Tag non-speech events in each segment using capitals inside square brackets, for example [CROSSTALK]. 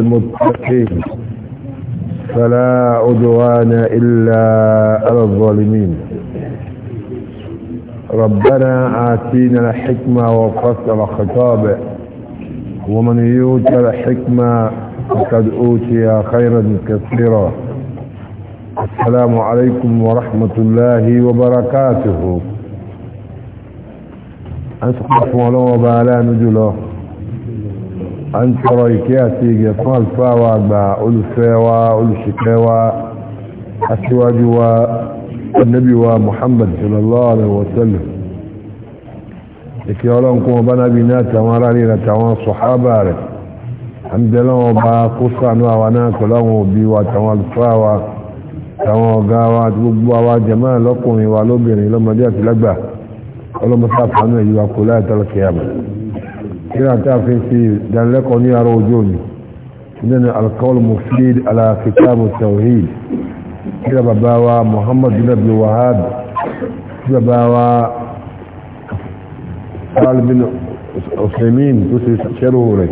المتقين فلا عدوان إلا على الظالمين ربنا آتينا الحكمة وفصل خطابه ومن يوت الحكمة فقد أوتي خيرا كثيرا السلام عليكم ورحمة الله وبركاته أنت قفوا له نجله a ń tọrọ ìkẹ́ àti ìgẹ̀ fún àlùfáà wa àgbà olùfẹ́ wa olùṣìkẹ́ wa aṣíwájú wa annabi wa muhammad sallallahu alaihi wasallam ìkẹ́ ọlọ́run kún ọba nábi ní àtàwọn ará rí àtàwọn sọ̀hábà rẹ̀ a ń bẹ̀rẹ̀ wọn bá kó sànú àwa náà òbí wa àtàwọn àlùfáà wa كلا تعرفين في دلك وني أروجوني إننا القول مفيد على كتاب التوحيد كلا باباوا محمد بن عبد الوهاب باباوا قال بن عثيمين تسيره لي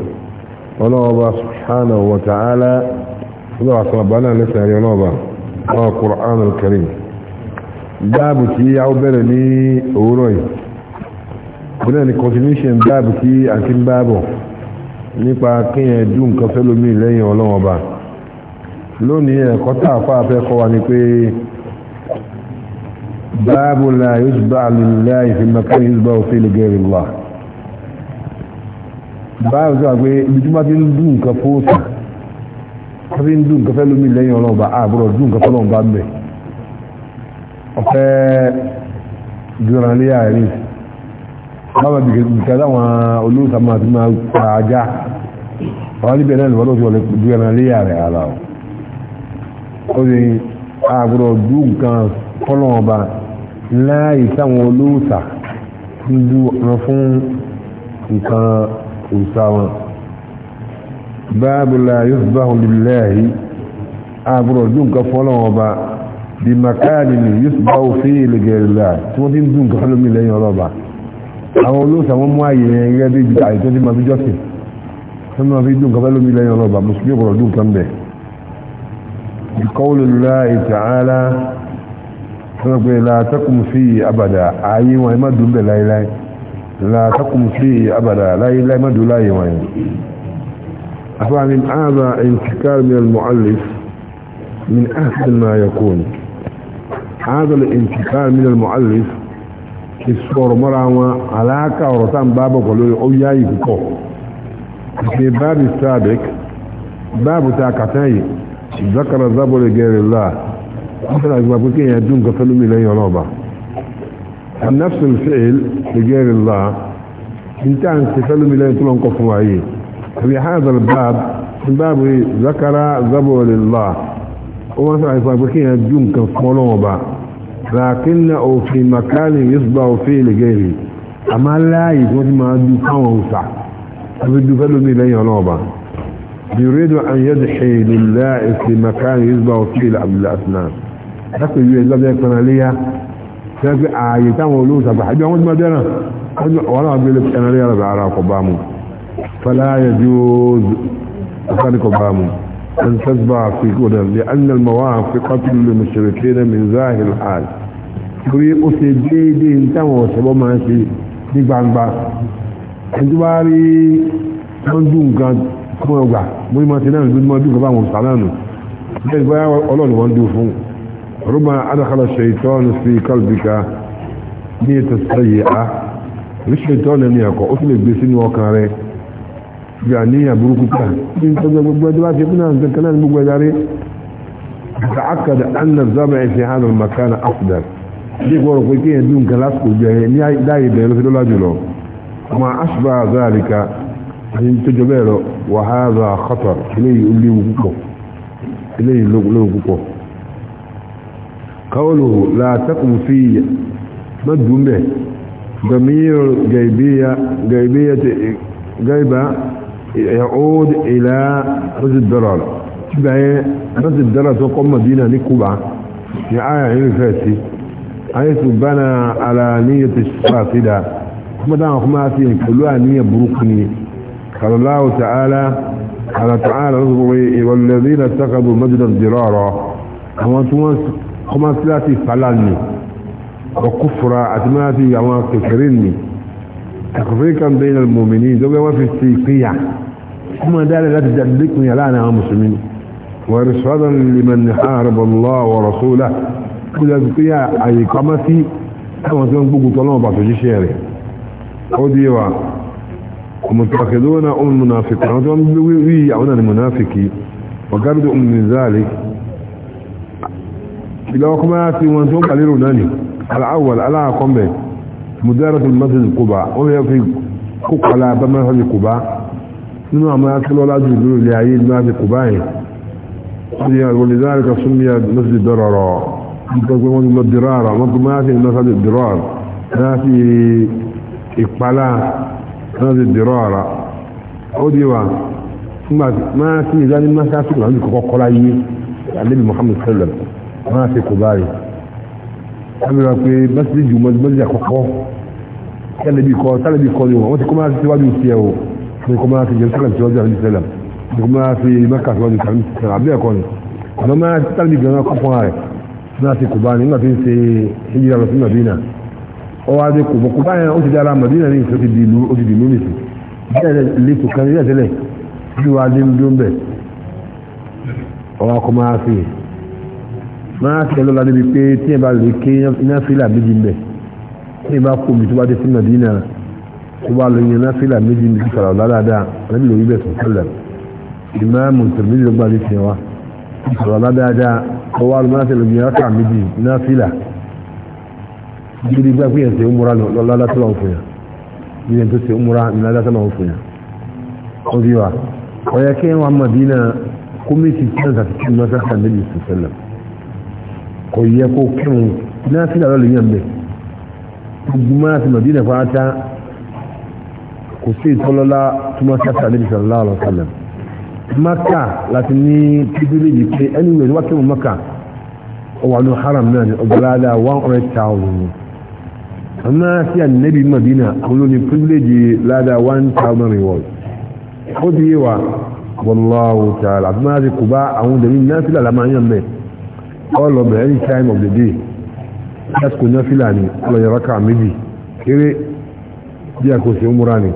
ونوبة سبحانه وتعالى ونوبة صلبنا لسه ينوبة القرآن الكريم باب تي يعبرني أوروي náà ni continuation báàbù tí a ti ń báàbọ̀ nípa kíyàn dú nǹkan fẹ́ lómi lẹ́yìn ọlọ́wọ́n ọba lónìí ẹ̀kọ́ tá a fáa fẹ́ kọ́ wa ni pé báàbù la yusba'u lillahi fi makan yusba'u fi li ghayri Allah báàbù tó wà ọ̀fẹ́ jùlọ ní àárín báwọn bìkẹ́ láwọn olóòsà máa ti máa pa ajá wọ́n níbẹ̀ náà lọ́dọ̀ tí wọ́n lè ju ẹran léyà rẹ̀ ara ọ̀ ó ní àgbọ̀dọ̀ dú nǹkan kọ́lọ̀ ọba láàyè sáwọn olóòsà ń dú wọn fún nǹkan òòsà wọn báàbùlà yóò bá wọn lè àgbọ̀dọ̀ dú nǹkan fọ́lọ̀ ọba àwọn olóòsà wọn mú àyè gẹ́gẹ́ bí ibi àyè tó ti máa fi jọ́sìn tó máa fi dùn kọ́bẹ́ lómi lẹ́yìn ọlọ́ba mùsùlùmí ọ̀rọ̀ dùn kan bẹ̀ ìkọ́wòlélá ìtàhálà tó máa pè látàkùn sí abàdà ààyè wọn ẹ má dùn bẹ̀ láéláé látàkùn sí abàdà láéláé má dùn láàyè wọn yìí أفعل من هذا انتكار من المؤلف من أحسن ما يكون هذا الانتكار من المؤلف ìsọ̀rọ̀ mọ́ra wọn aláàkà ọ̀rọ̀ tá ń bá bọ̀ pẹ̀lú ó yá yìí púpọ̀ ìpè báàbì sábẹ̀k báàbù ta kàtá yìí zakara zabore gẹ̀rẹ̀ lá wọ́n tẹ́lá gbà pé kéèyàn dùn nǹkan fẹ́lú mi lẹ́yìn ọlọ́ọ̀bà anafsul fi'il lè gẹ̀rẹ̀ lá n tá à ń ṣe fẹ́lú mi lẹ́yìn tó lọ́nkọ̀ fún wa yìí àbí hazal báàb báàbù zakara zabore lá wọ́n tẹ́lá gbà pé kéèyàn dùn nǹkan fún لكنه في مكان يصبع فيه لغيره أما لا يكون ما دوكا ووسع أبدو فلني لن ينوبا يريد أن يدحي لله في مكان يصبع فيه لعبد الأسنان لكن يريد الله يكون ليا سيكون آيتان ولوسا فحبي عمد مدينة ولا ولا أبيل أنا ليا ربع عراق فلا يجوز أخانك وبامو أن تتبع في قدر لأن المواقف قتل المشركين من ظاهر الحال torí ó ṣe déédé táwọn ọ̀sẹ̀bọ́ máa ń ṣe ní gbangba ẹjú bá rí wọ́n dùn nǹkan fún ọgbà mú ní máa ṣe náà lójú máa dùn nǹkan báwọn ọ̀sà náà nù bẹ́ẹ̀ bá ọlọ́run wọn dùn fún rọ́bà adákàlà ṣètọ́nù sí kálbíkà ní ètò sẹ́yẹ̀ á rí ṣètọ́nù ẹni ẹ̀kọ́ ó sì lè gbé sínú ọkàn rẹ̀ jà ní àbúrúkú kan ní tọ́jọ́ gbogbo ẹjọ́ bá ṣe fún àwọn kankan ní gbogbo ẹjáre ta'akkada anna az-zab'a fi hadha al-makan afdal bí gbọ́rọ̀ pé kí ẹ̀dùn kan lásìkò jẹ ní dáyé bẹ̀rẹ̀ lọ́sí lọ́lá jùlọ ma asba zalika àti tọ́jọ́ bẹ́ẹ̀ lọ wa hadha khatar eléyìí olówó púpọ̀ eléyìí olówó púpọ̀ qawluhu la taqum fi madumbe ضمير جيبية جيبية جيبة يعود إلى رجل الدرار تبعي إيه؟ رجل الدرار تقوم مدينة في نعاية عين فاتي حيث بنى على نية الشافدة كما دعنا فيه كلها نية بروكني قال الله تعالى قال تعالى انظري والذين اتخذوا مجدا وما خماسلاتي فلاني وكفرة أتماتي أما كفرني tàkùfẹ́kà bẹ́ẹ̀ mọ̀mìnì ìjọba wọ́n fi ṣe ìpínyà ọmọ dáadáa láti jẹ́ àdékùnyà láàrin àwọn mùsùlùmí wọ́n rí sọ́dọ̀ lèmọ̀ ní àrùbọ̀lọ́ ọ̀rọ̀ sólà kí lọ sí pínyà àyè kọ́mọ́ sí àwọn tí wọ́n gbógun tọ́lọ́ bàtò jíṣẹ́ rẹ̀ ó di wa mùtàkìlónà ọmọ munafiki àwọn tí wọ́n gbé wí àwọn àni munafiki ọ̀gábìdì ọmọ nìzálì ìlọ́kọ́mọ́ sí wọn tó kàlérò náà ni aláwọ̀ aláàkọ́mbẹ̀ẹ́ مدارة المسجد القباء وهي في قلعة بمسجد القباء إنه ما يأكل ولا يقولوا لعيد ما في قباء ولذلك سمي مسجد درارا يقولون درارة، ما في مسجد الدرار ما في إقبالاء هذه الدرارة أوديوا ما ما في ذلك ما في على النبي محمد صلى الله عليه وسلم ما في قباء amira pe masiri ju mo masiri àkọ́kọ́ talabi ko talabi ko ni wọ́n ti kuma ti waju ti o ni kuma ti je sallam ti waju ali sallam ni kuma ti makka ti waju sallam ti abi ko ni no ma talabi gan ko ko ai na ti kuba ni na ti ṣe hijira lọ sí Madina o wa de ko kuba yẹn ó ti dára Madina ni so ti di lu ó ti di lu ni si dele le to kan ya dele ju wa de ndombe o wa kuma máa tẹ lọ́la níbi pé tí ẹ bá lè ké iná fílà méjì mbẹ tí ẹ bá kó omi tó bá dé sí Madina tó bá lè yan iná fílà méjì mbẹ sọ̀rọ̀ ládàá alábìlẹ̀ orí bẹ̀ sọ̀rọ̀ lẹ̀ ìmáàmù tẹ̀lé ló gbà lè tiẹ̀ wa sọ̀rọ̀ ládàá ọwọ́ àlọ́ máa tẹ lọ́la yan ká méjì iná fílà gidi gbà pé ẹ̀sẹ̀ múra lọ́la látọ̀ fún yà gidi tó kò yẹ kó kírun náà sí ìdàlọ́ lè yàn bẹ̀ gbogbo máa ti màdínà fáátá kò sí ìtọ́lọ́lá tó máa sáfà níbi sallallahu alaihi wasallam maka láti ní pípílì yìí pé ẹni wẹ̀ níwájú kírun maka ọwà ní haram náà ní ọgbàládà one hundred thousand àmọ́ sí ànábì màdínà àwọn olóni pípílì yìí ládà one thousand reward ó ti yé wa wallahu ta'ala àti máa ti kù àwọn ìdẹ̀mí náà sí làlámà yàn all of any time of the day lásìkò ní fílà ní ọlọ́yẹ̀rọ ká méjì kéré bí a kò sí múra ní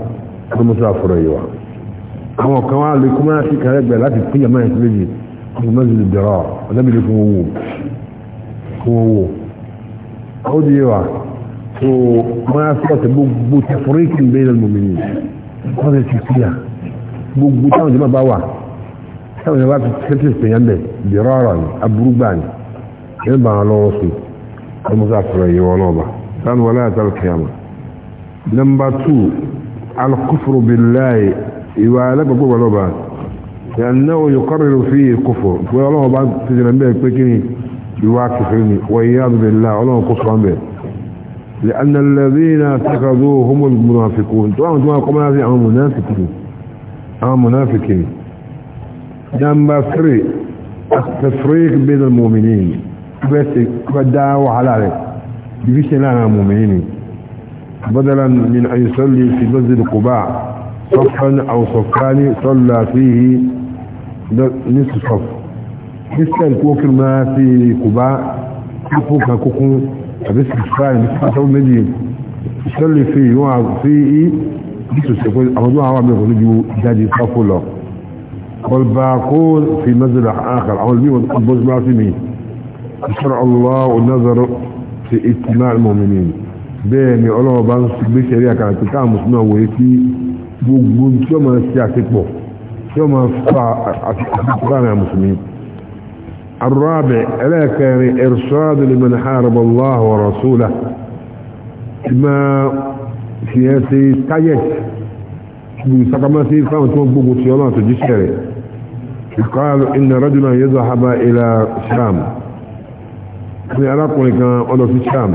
ọdúnmọ́sí àfọ̀rọ̀ yìí wa àwọn kan wá lè kó máa sí kàrẹ́ gbẹ̀ láti pín yàmá ẹ̀sìn méjì ọdún mẹ́sì lè dọ̀rọ̀ ọ̀dẹ́bìlẹ̀ fún owó fún owó ó di wa tó máa sí ọ̀sẹ̀ gbogbo ti fúríkì bẹ́ẹ̀ lọ́mọ mi ni wọ́n ti ti kíyà gbogbo táwọn jẹ́ bá wà táwọn jẹ́ bá ti tẹ́tí ìpènyàn bẹ̀ dọ̀rọ̀ ni aburú gbà ni يبع على وصي المزافر يوالوضة كان ولاية القيامة نمبر تو الكفر بالله يوالك بقوة لوبا لأنه يقرر فيه الكفر يقول الله بعد تجنب به بكني يواكفني وإياذ بالله الله قصرا به لأن الذين اتخذوا هم المنافقون طبعا ما قمنا هذه هم منافقين هم منافقين نمبر 3 التفريق بين المؤمنين bẹ́ẹ̀sì kọ́ dá wàhálà rẹ̀ division láàrin mọ̀mìnì ni bọ́dọ̀lá min àyùsọ́lì fi lọ́sílì kùbá sọ́fán àwọ̀sọ̀fání sọ́lá sí i ní sọ́f christian kó kí máa fi kùbá kíkó kan kókún àbí sọ́fán ní sọ́fán méjì sọ́lì fi ìwọ̀n sí i ní sọ́sẹ̀ pé àwọn tó àwọn mẹ́kọ̀ọ́ lójú jáde sọ́fó lọ والباقون في مزرع آخر أو البيض البوز ما في مين شرع الله نظر في اجتماع المؤمنين بين الله بان سبيك ريا كانت كان مسمى ويكي بوغون كما سياسيبو كما فا اتقان المسلمين الرابع الا كان ارشاد لمن حارب الله ورسوله ما سياسي تايت بسقماتي فاهم تبوغو سيولان تجيشيري قال ان رجلا يذهب الى شام في العراق كان ọlọ في الشام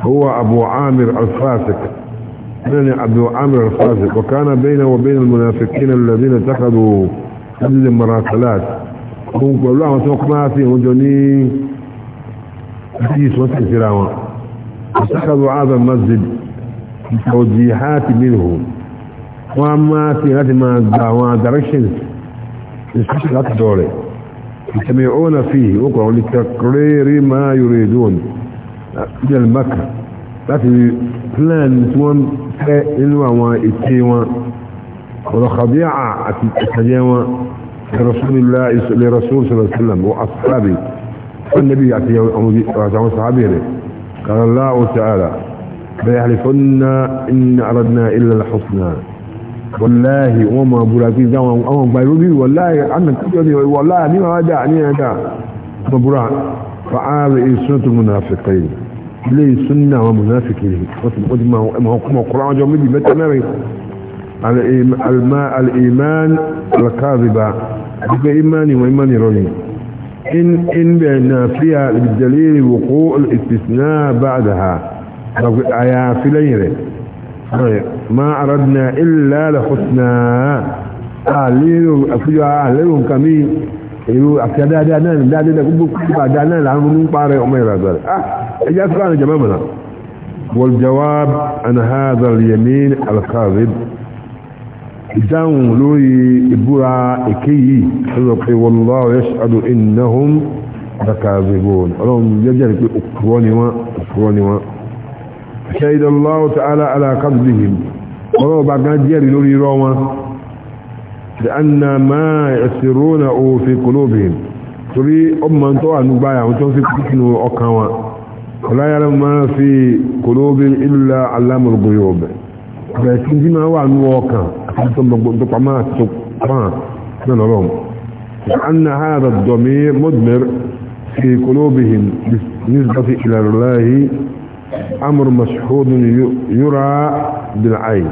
هو أبو عامر الفاسق يعني أبو عامر الفاسق وكان بينه وبين المنافقين الذين اتخذوا هذه المراسلات هم قالوا لهم ما في في سوق الكرامة اتخذوا هذا المسجد توجيهات منه وما في هذه ما دعوان directions استشهدت دوري يجتمعون فيه وقعوا لتكرير ما يريدون من المكر لكن فلان سوان إنوا وإتيوا ولخضيعة أتجاوا لرسول الله لرسول صلى الله عليه وسلم وأصحابه والنبي أعطيه صحابه قال الله تعالى فيحلفن إن أردنا إلا الحسنى wọláhì wọn mọ búra pé dáwọn àwọn ọgbà ìrúbí wọláhì anàkíjọ ni wọláhì ní wọn dá ní ẹ̀dá mọ búra fa ààrẹ ìsúná tó múnafìkà yìí ilé ìsúná àwọn múnafìkà yìí wọ́n ti máa kọ́ ọkọ̀ àwọn ọjọ́ méjì mẹ́ta mẹ́rin al'iman alkaziba duka imani wa imani rọyìn in in bẹ̀ na fiya dalilin wukó al-istisna ba'daha ayafi lẹ́yìn rẹ̀ ما أردنا إلا لحسنا أعليل أفجع أعليل كمي ìlú àfíàdá dáadáa ní dáadáa gbogbo pípa dáadáa láàrin ní pààrẹ ọmọ ìràgbàrẹ ah ẹjá sọ́rọ̀ àwọn jama'a mọ̀nà waljawab an hadha al-yamin al-kadhib ìdáhùn lórí ìbúra èké yìí lọ́rọ̀ pé wallahu yashhadu innahum lakadhibun ọlọ́run yẹ́jẹ́ rí pé òkúrọ́ ni wọ́n òkúrọ́ شهد الله تعالى على قصدهم ولو بعد جاري لوري روما لأن ما يسرونه في قلوبهم torí ọmọ tó wà nígbà àwọn tó ń fi kìtìnú ọkàn wọn ọláyàrá máa fi kòlóbin ìlúlá alámọ̀lógóyò ọ̀bẹ̀ bẹ̀rẹ̀ tí tí máa wà ní ọkàn àti tó gbogbo tó pamọ́ àti tó pamọ́ امر مشهود يرى بالعين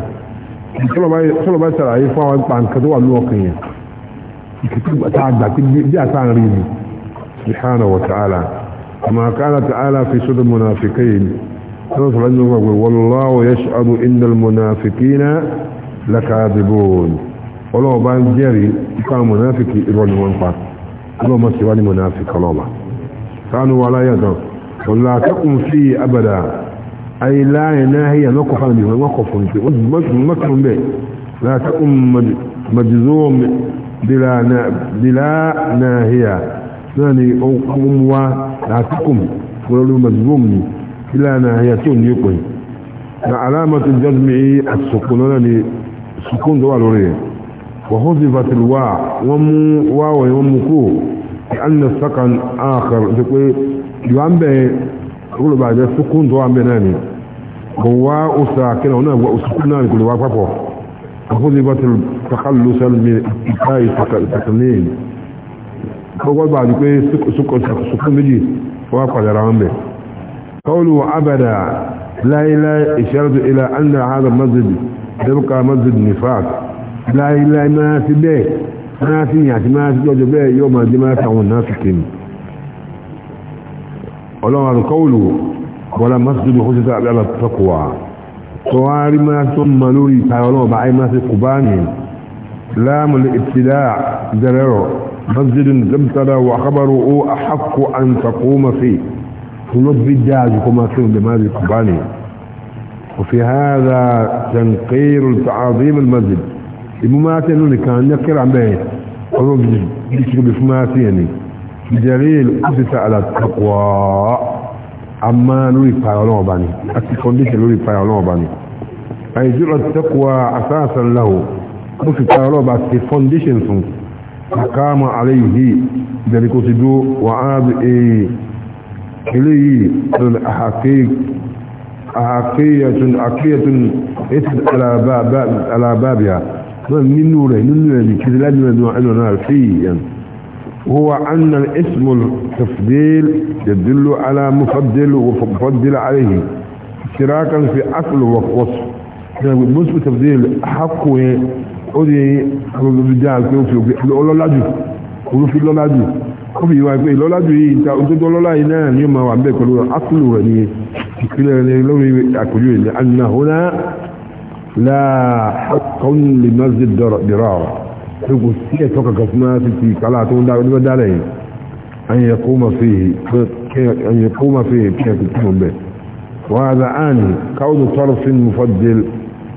كل طلب يسأل فهو يطلع عن كدوع الواقعية الكتاب أتعدى كل جاء تعالى ريبي سبحانه وتعالى كما قال تعالى في سورة المنافقين والله يشهد إن المنافقين لكاذبون ولو بان جري كان منافقي إرون منفق ما سواني منافق اللهم كانوا ولا يدعون ولا تقم فيه أبدا أي لا يناهي مكفا به ومكفا به مكفا به لا تقم مجزوم بلا نا بلا ناهية يعني أقوم لا تقم ولو مجزوم بلا ناهية يقوي علامة الجزم السكون يعني سكون دوال وليه وحذفت الواء ومو واو ومكو لأن السكن آخر تقول ìwà ń bẹ olùbà ìbẹ sukùn tó wà ń bẹ náà ni kò wá oṣù àkẹnà náà wọ sukùn náà ni kò lè wá papọ̀ àkóso ìbá ti takalù sẹ́nu mi ìta ìtàkìlẹ́yìn gbogbo àgbà ni pé sukùn méjì wọ́n padà ra wọn bẹ̀ kọ́ọ̀lù abẹ́dà láìláì ìṣẹ́rẹ́tù ilẹ̀ andà hàzà masjid dẹ́bùkà masjid nifaq láìláì máa ti bẹ́ẹ̀ máa ti yàn àti máa ti jọjọ bẹ́ẹ̀ yóò máa jẹ́ máa tàwọn náà fi kéèmù ọlọ́run àti kọ́wùlù wọlá masjid kó ṣẹta àbí alàtọ́kùwà tó wá rí máa tó mọ lórí ìta ọlọ́run bá àìmá sí kù bá ní láàmù ìtìlá dẹrẹrọ masjid zamtara wà kábàrò ó àhàkù an takó mafi tó ló bí dáàjù kó máa kéwòn bẹ̀má sí kù bá ní وفي هذا تنقير تعظيم المسجد المماتين اللي كان يكر عن بيه قالوا بيشتغل في ماتين يعني jalil ofisa alatakwa amma lórí ìpayà ọlọ́wọ́ bá ní àti foundation lórí ìpayà ọlọ́wọ́ bá ní àìjọ́rọ̀ takwa asáàsán láhù ó fi payà ọlọ́wọ́ bá ti foundation fún àkáàmà aláìhí ìdẹ̀lẹ̀ kò ti dúó wà á bí èyí eléyìí tún àhàkéyàtún àkéyàtún ètò alábábíà náà nínú rẹ̀ nínú rẹ̀ ní kìrìlá nínú هو ان الاسم التفضيل يدل على مفضل ومفضل عليه اشتراكا في اكل ووصف مصف تفضيل حقه قدي حقه كيف يوفي لولا لاجو قلو في لولا لاجو كوفي يوفي لولا لاجو انت قلت لولا لان هنا لا حق لمزد درارة kò sí ẹ̀tọ́ kankan fún náà títí kálá tó ń dá oníbẹ̀ dálẹ̀ yìí àyẹ̀ kó ma fi kí ẹ̀kù kúrò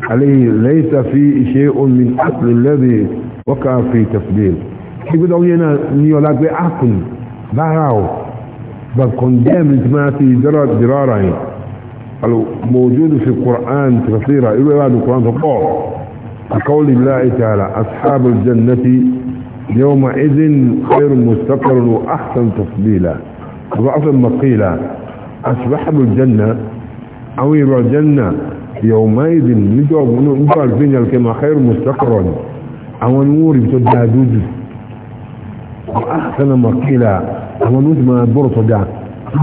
عليه ليس فيه شيء من أصل الذي وقع في تفضيل كيف دعونا نيولاك بأحكم باراو بل كندام انتماتي درارين الموجود في القرآن تفسيرا إلو القرآن بقول الله تعالى أصحاب الجنة يومئذ خير مستقر وأحسن تفضيلا وأحسن مقيلا أصحاب الجنة أو الجنة يومئذ نقول فينا كما خير مستقر أو نور بتدادود وأحسن مقيلا أو نور ما برط دا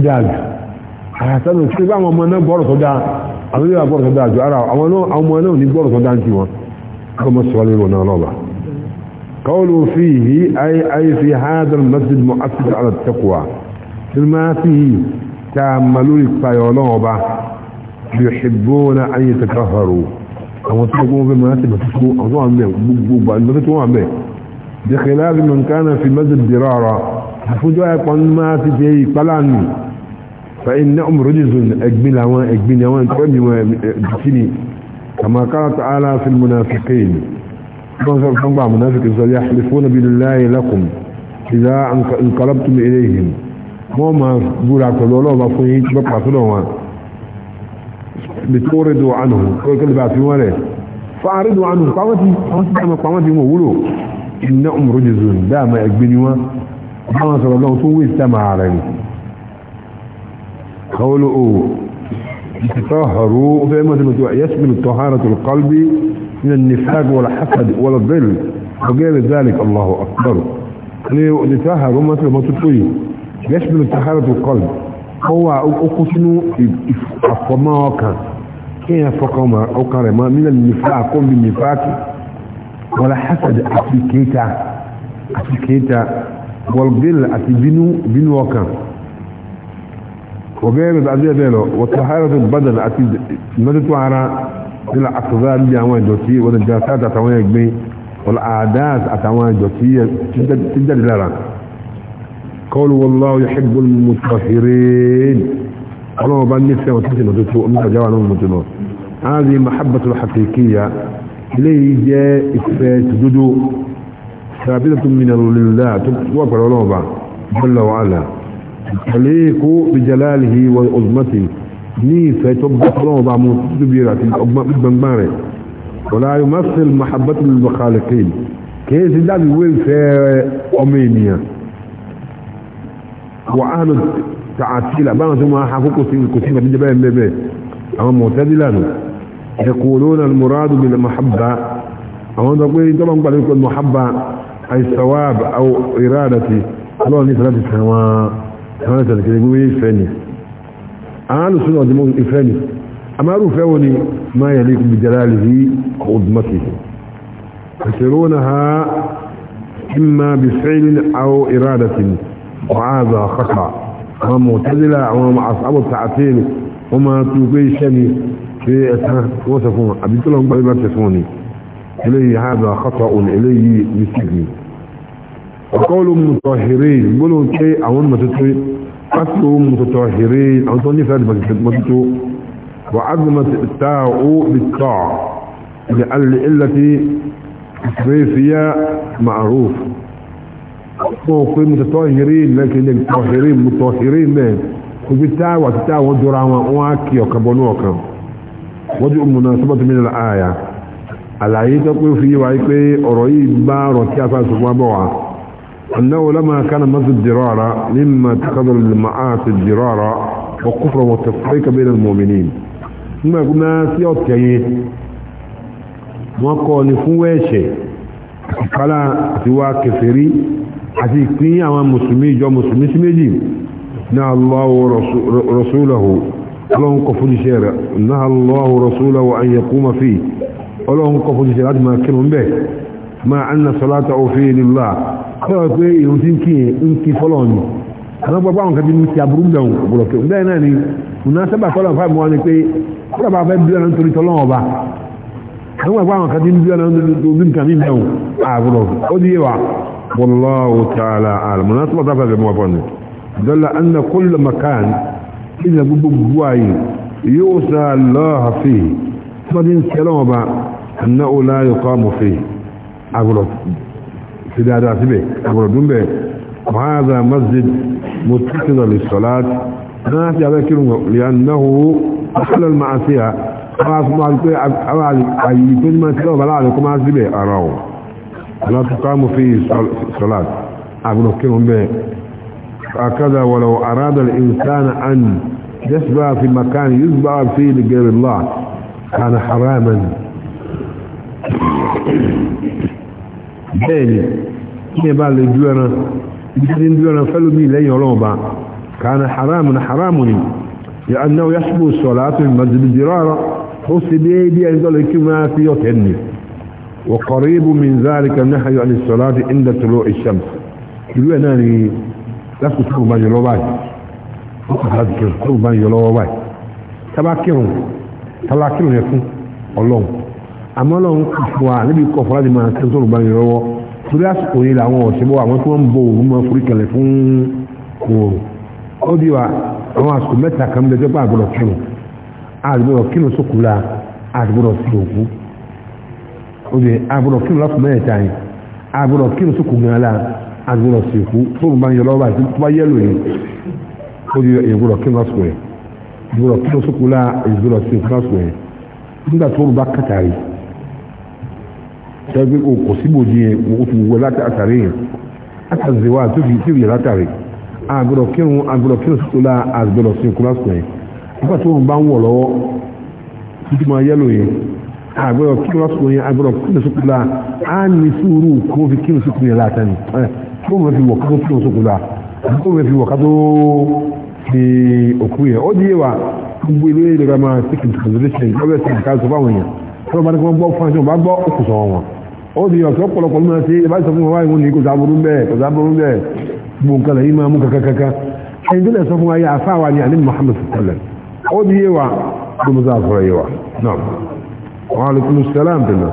داد أحسن كيف أما ما نبرط دا أما نبرط دا أما نبرط دا أنت هم السؤالين ونعلمه قولوا فيه أي, أي في هذا المسجد مؤسس على التقوى لما فيه تعملوا للطيولوبة يحبون أن يتكهروا أما تقوموا بالمناسبة تسكوا أضوعا به بقبوبة به بخلاف من كان في مسجد درارة فجوا يقول ما تجي فلان فإنهم رجز أجمل وان أجمل وان تقومي وان تقومي كما قال تعالى في المنافقين نظر كما منافقين يحلفون بالله لكم إذا انقلبتم إليهم wọ́n ma búra pẹ̀lú ọlọ́ọ̀bá fún yí bọ́ pàtúnà wọn lètò rẹ̀dọ̀ ànù kọ́kẹ́lẹ̀ bá fi wọ́n rẹ̀ fàárẹ̀dọ̀ ànù pàwọ́tí pàwọ́tí wọ́n wúlò iná òmùrò jésù dáàmà ẹgbẹ́ ni wọ́n báwọn sọ̀rọ̀ lọ́wọ́ tó wé ìtàmà rẹ̀ ni kọ́wọ́lọ́ يتطهروا وفي مثل يسمن الطهارة القلب من النفاق والحسد والظل وغير ذلك الله أكبر ليه يعني يتطهروا مثل ما تطوي يسمن الطهارة القلب هو أقسم أفماك كيف فقم أقرم من النفاق قم بالنفاق والحسد أفكيتا أفكيتا والظل أتبنو بنوكا وبين بعدها ديلو وطهارة البدن أتي مدت وعرا إلى أقضاء اللي عوان جوتي والنجاسات أتوان يجمي والعادات أتوان جوتي تجد لرا قول والله يحب المتطهرين الله بني سيما تجنو تتو أمتا جوانا المتنو هذه محبة الحقيقية إليه جاء إفات جدو ثابتة من الله توقع الله بل وعلا تليق بجلاله وعظمته ني فيتوب الله وضع تبيرات بنباري ولا يمثل محبة المخالقين كيس ده الويل في أمينيا وعهد تعاتيلا بانا ثم حفوكو سيكوسينا بجبائن بيبي أما معتدلا يقولون المراد بالمحبة أما تقول طبعا قال يكون محبة أي الثواب أو إرادتي الله نفرد السماء àwọn ìsàlẹ̀ gbé ìfẹ́ ni àwọn alùsùn náà dìmọ̀ ìfẹ́ ni a máa إما بفعل أو إرادة وهذا خطأ هم معتزلة وهم أصحاب التعطيل وما توقي شني في وصفون أبي كلهم بل ما إليه هذا خطأ إليه يسجني ọ̀kọ́lù mùtọ̀hìrì gbọ́nà pé àwọn mọ̀tútù pàtó mùtọ̀hìrì àwọn tó nífẹ́ mọ̀tútù wà ázùmọ̀ tààó bìtọ̀ ilẹ̀ alẹ́ ilẹ̀ tí ìsìnrẹ́fíyà ma'aruf fún òkú mùtọ̀hìrì lẹ́kẹ̀lẹ́ mùtọ̀hìrì mùtọ̀hìrì mẹ́ kùbí táwà tí táwọn jọra wọn wọn á kí ọ̀kan bọ́nú ọ̀kan wọ́n jù mùnà sọ́bọ̀tún mi àlàyé tó pé fi wáyé pé ọ̀rọ̀ yìí bá rọ̀ tí a fà sọ́kún abọ́ أنه لما كان مسجد درارة مما اتخذ المعاصي الدرارة والكفر والتفريق بين المؤمنين ما قلنا سيوت كيه وقال نفوشه kala àti wá kẹfẹ́rí àti ìpín àwọn mùsùlùmí ìjọ mùsùlùmí sí méjì náà Allahu rasulahu ọlọ́run kọ fún iṣẹ́ rẹ̀ náà Allahu rasulahu an yakuma fi ọlọ́run kọ fún iṣẹ́ láti máa kírun bẹ́ẹ̀ ma anna salata ofe lillah kọ́wọ́ pé ìrùn tí ń kí ń kí fọ́lọ̀ ni àwọn gbogbo àwọn kan bí ní ti aburú dàn ọ̀pọ̀lọpọ̀ bẹ́ẹ̀ náà ni ọ̀nà sábà fọ́lọ̀ fáàmù wọn ni pé kúrò bá fẹ́ bíọ́nà nítorí tọ́lọ́ ọba àwọn gbogbo àwọn kan bí ní bíọ́nà nítorí nǹkan mi dàn àbúrò ó di wa wallahu ta'ala alam ọ̀nà sábà fẹ́ fẹ́ mọ́ ni dọ́là anna kullu makan ìlà gbogbo buwaye yóò sá fi tọ́dí ń sẹ́lọ̀ ọba anna ọ̀la yóò kọ́ أقول سيدة عسبي أقول دنبي وهذا مسجد متخذ للصلاة ناس يذكرون لأنه أحلى المعصية خلاص ما يكون ما تلو بلا عليكم عسبي أراه لا تقام فيه صلاة أقول كلهم به هكذا ولو أراد الإنسان أن يسبع في مكان يسبع فيه لغير الله كان حراما bẹ́ẹ̀ni ní ẹbá lè ju ẹran ìdíjẹ́ ń ju ẹran fẹ́lú mi lẹ́yìn ọlọ́run ba kàánà haramu na haramu ni yà á náwó yásùbò sọ̀rọ̀ àti màdìbìdì ó sì bí bí وقريب من ذلك النهي عن الصلاة عند طلوع الشمس ìlú ẹ̀ náà ni lásìkò bá yọ lọ́wọ́ báyìí lásìkò bá yọ lọ́wọ́ báyìí ọlọ́run àmọ́lọ́ ń kà fún wa níbi kọ̀ fúnra ti máa tẹ́ sọ̀rọ̀ bá yẹn lọ́wọ́ torí àsìkò yìí làwọn ọ̀sẹ̀ bọ́ àwọn tí wọ́n ń bọ òru máa forí kẹlẹ̀ fún òru ó di wa àwọn àsìkò mẹ́ta kan bẹ́ẹ̀ pé àgbọ̀dọ̀ kírun àgbọ̀dọ̀ kírun sókù la àgbọ̀dọ̀ sí òkú ó di àgbọ̀dọ̀ kírun lọ́sùn mẹ́ta yìí àgbọ̀dọ̀ kírun sókù gan la àgbọ̀dọ̀ sí òkú sọ̀rọ̀ bá yẹn lọ́wọ́ àti tó bá yẹ́lò yìí ó di àgbọ̀dọ̀ kírun lọ́sùn yẹn àgbọ̀dọ̀ kírun sókù la àgbọ̀dọ̀ sí òkú lọ́sùn yẹn nígbà tó rù bá tẹ́gbẹ́ òkò síbòdì yẹn o ti wọ látàrí yẹn látàrí wa tó fi tíì yẹ látàrí agbọ̀dọ̀ kírun agbọ̀dọ̀ kírun sí tólá agbọ̀dọ̀ sí okùn lásìkò yẹn nígbà tó ń bá ń wọ̀ lọ́wọ́ títí máa yẹ́lò yẹn agbọ̀dọ̀ kírun lásìkò yẹn agbọ̀dọ̀ kírun sí tólá á ní sùúrù kó fi kírun sí tólá látàrí kó mọ̀ fi wọ̀ kó kírun sí tólá gbogbo ilé ìlera máa take into consideration lọ́wọ́ ẹ̀sìn ìka sọ èèyàn tó bá ní kí wọ́n gbọ́ fún ẹ̀sìn bá gbọ́ òkú wọn ó di ọ̀tọ́ pọ̀lọpọ̀ ló máa ṣe ẹ bá sọ fún wa ìwọ̀n ní kò sáburú bẹ́ẹ̀ kò sáburú bẹ́ẹ̀ gbogbo nǹkan lẹ́yìn máa mú kankankan ẹni tó lè sọ fún wa yà àfa wa ni àní Muhammad sallam ó di yé wa tó mú sáà sọ̀rọ̀ yé wa náà wa alaikum salam tẹ̀lé.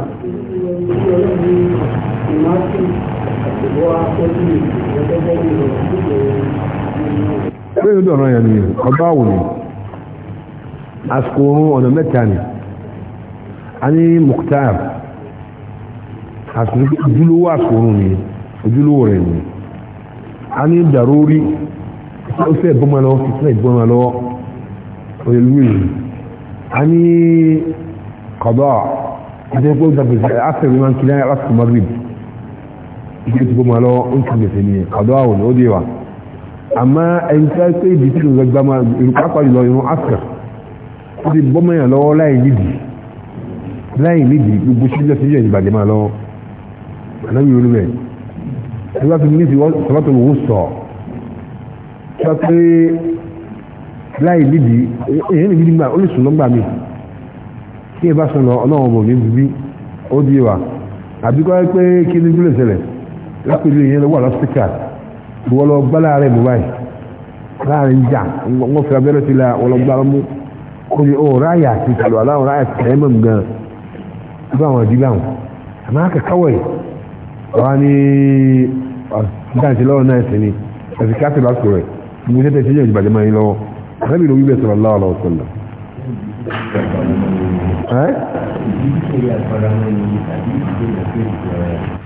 bẹ́ẹ̀ dọ̀rọ̀ yẹn ni ọba wò ni àsìkò ọ̀nà mẹ́ta ni a ní Mukhtar ojúlówó àsòrùn ni ojúlówó rẹ̀ ni a ní dàrórí ó fẹ́ bọ́mọ lọ fífẹ́ ìbọ́mọ lọ pẹ̀lú èyí a ní kọ̀dọ̀ àtẹ́kọ́ ìtàgbèsè àfẹ́rí máa ń kí láyé aláṣọ magrib ìgbé ti bọ́mọ lọ ó ń tàgbèsè ni kọ̀dọ̀ àwọn ó dé wa àmọ́ ẹni tí a pé ìdí tí ìrùn gbàgbà máa ìrùn pápá jùlọ ìrùn áfẹ́ ó ti bọ́mọ yàn lọ́wọ́ láì nídìí láì nídìí gbogbo síjọ́ síjọ́ ìbàdí máa lọ́wọ́ anábì orí bẹ́ẹ̀ ẹ bá fi ní ti sọ́mọ́tò lòún sọ sọ pé láì nídìí èyí níbi nígbà ó lè sùn lọ́gbà mi kí ẹ bá sọ lọ ọlọ́run ọmọ mi bíbí ó di wa àbí kọ́ pé kí ní gbélé ṣẹlẹ̀ lápẹ̀lú ìyẹn lọ́wọ́ lọ́sítíkà ìwọ lọ gbá láàárẹ̀ mobile láàrin jà wọ́n fi abẹ́rẹ́ ti la ọlọ́gbà mú kò ní o ráyà àti ìtàlù aláwọ̀ ráyà ti tẹ̀yẹ́ mọ̀ gan-an bí àwọn ìdílé àwọn àmọ́ akẹ́kọ̀ọ́ yìí wọ́n ní ah, ìdáǹtí lọ́wọ́ náà ẹ̀sìn ni ẹ̀sìn káàtì lásìkò rẹ̀ mo ṣe tẹ̀sí yẹn ìbàdàn máa yín lọ́wọ́ ẹ̀rẹ́bì ló wíbẹ̀ sọ̀rọ̀ láwọ̀ lọ́wọ́ sọ̀rọ̀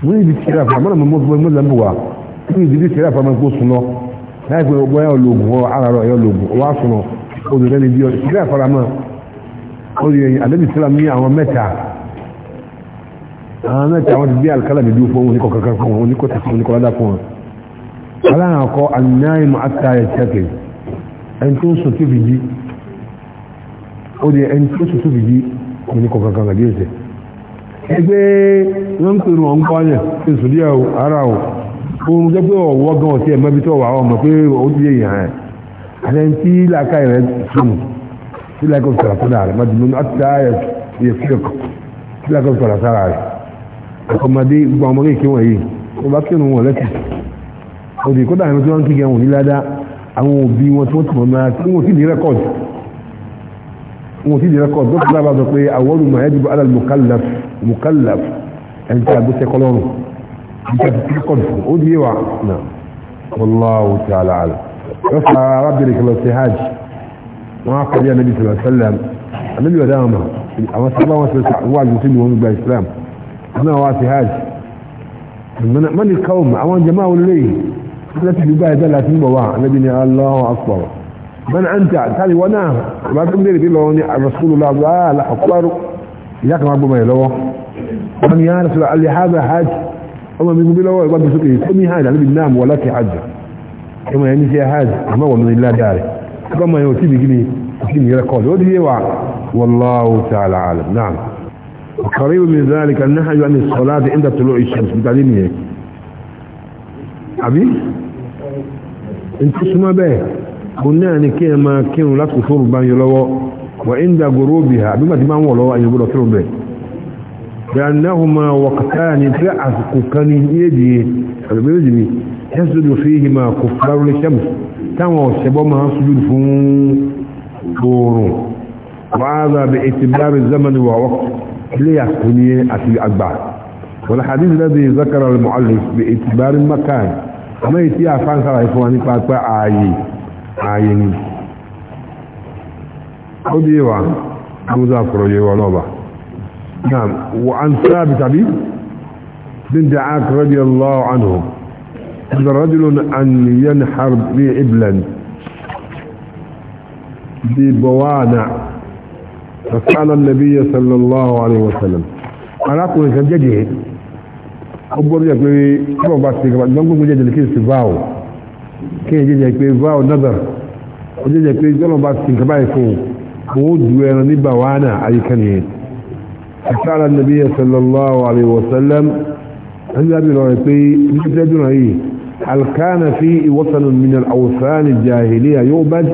mo ní ibi tìrẹ àfàmà mọ́nà mọ́ mọ́ lẹ́mú wa mo ní ibi tìrẹ àfàmà kó sùn lọ láìpẹ́ ọgbọ́n yà ológun ọ ara àwọn mẹ́ta wọ́n ti gbé alkalami bí fún oníkọ̀ kankan fún wọn oníkọ̀ tẹ̀sí oníkọ̀ ládá fún wọn aláhàn akọ anáyìn mọ́ àtàyẹ tẹ́kẹ̀ ẹni tó sùn tó fi jí ó di ẹni tó kankan gàdí ẹsẹ̀ ẹgbẹ́ wọn pèrò wọn ń kọ́ yẹn tó ara o oorun jẹ́ pé ọ̀wọ́ gan ọ̀tí ẹ̀ mẹ́bi tó wà ọmọ pé ó di èèyàn ẹ̀ àtẹni tí làákà rẹ̀ sùn tí làákà rẹ̀ sọ̀rọ̀ tó dà rẹ̀ mọ́ ọmọdé gbogbo ọmọdé kí wọ́n yìí wọ́n bá kírun wọn lẹ́sìn òdì kódà àwọn tí wọ́n ń kí gẹ̀wọ̀n ní ládá àwọn òbí wọn tí wọ́n ti mọ̀ máa tí wọ́n ti di rẹ́kọ̀d wọ́n ti di rẹ́kọ̀d dókítà náà bá sọ pé àwọ̀rù máa yẹ́dìbò alal mukallaf mukallaf ẹni tí a gbé sẹ́kọ́ lọ́rùn ẹni tí a ti ti rẹ́kọ̀d fún ó di yéwà náà wọ́n fa arábìnrin kan lọ أنا واسي هاج من القوم أوان جماعة لي التي بباه دلاتين بواع نبيني الله أكبر من أنت تالي وانا ما تقول لي بيلوني الرسول الله لا لا أكبر إياك ما أبو ما يلوه من يا رسول الله هذا حاج أما بيقول بيلوه يقول بسكي سمي هذا نبي نام ولك حاج كما يعني شيء هاج هو من الله داري كما يوتي بيجني أكيد يركض ودي والله تعالى عالم نعم قريب من ذلك النهي عن الصلاة عند طلوع الشمس بتعليم ايه àbí ntí súnmọ́ bẹ́ẹ̀ kò náà ni kéèyàn máa kírun láti fóònù bá ń yọ lọ́wọ́ wà ń da gòrò bì ha àbí màtí máa ń wọ̀ lọ́wọ́ àyàn gbọ́dọ̀ kírun bẹ́ẹ̀ ìyànnáhùnmá wọ̀kàtà ni tí àsìkò kan ní yéèdì àbí méjì ni yẹ́sùdù fi hìmà kò fúlárúlé sẹ́mù táwọn ọ̀sẹ̀bọ́ máa ń sùdù fún oòrùn wàhálà bí ètì bá rí zamani wà wọ́kùn ليحكني أتي أكبر والحديث الذي ذكر المؤلف باعتبار المكان ما يتيا فان صلى إخواني فاتوا آي آيين أديوا مذاكر نوبا نعم وعن ثابت عبيد بن دعاك رضي الله عنه هذا رجل أن ينحر بإبلا ببوانا فسأل النبي صلى الله عليه وسلم أنا أقول لك جدي أقول لك كما باتي كما نقول جدي لكي سباو كي جدي لكي باو نظر جدي لكي كما باتي كما يفون مود وين نبا وانا أي كنين فسأل النبي صلى الله عليه وسلم أن أبي رأيتي مثل دون هل كان فيه وطن من الأوثان الجاهلية يؤبد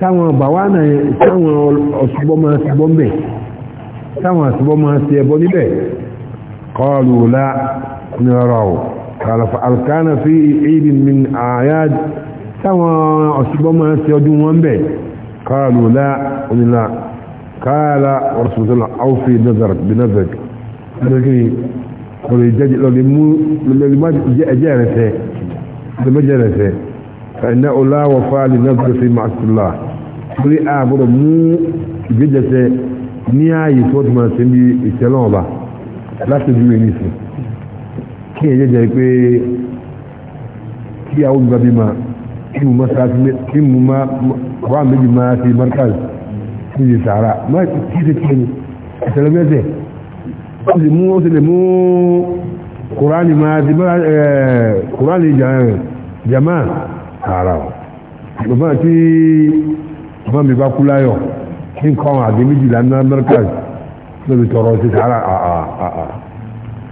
táwọn bàwá náà táwọn ọ̀ṣùgbọ́ máa ti bọ́ mẹ́ táwọn ọ̀ṣùgbọ́ máa ti ẹbọ́ níbẹ̀ kọlù láàrọ̀ kàlàfà alkana fi ìdí min àyád táwọn ọ̀ṣùgbọ́ máa ti ọdún wọn bẹ̀ kọlù láàrínlá kààlà ọ̀ṣùgbọ́n فإنه لا وفاء لنفسه في معصية الله torí àbúrò mú ìgbéjẹsẹ ní ààyè tí wọ́n ti máa ṣe bí ìṣẹ́lẹ̀ ọba láti ojú ẹni sùn kí ẹ̀yẹ́ jẹ́ pé kí àwọn olùgbà bí máa kí mo máa sáà kí mo máa wà méjì máa ṣe markaz kí ṣe sàárà má kí ṣe kí ẹni ìṣẹ̀lẹ̀ mẹ́sẹ̀ ó sì mú ó sì lè mú kùránì máa ṣe kùránì jàmáà tààrà ọ̀ bàbá tí bàbá mi bá kú láyọ̀ kí nǹkan àgbẹ̀ méjìlá ní amẹ́ríkà lórí tọrọ sí tààrà àà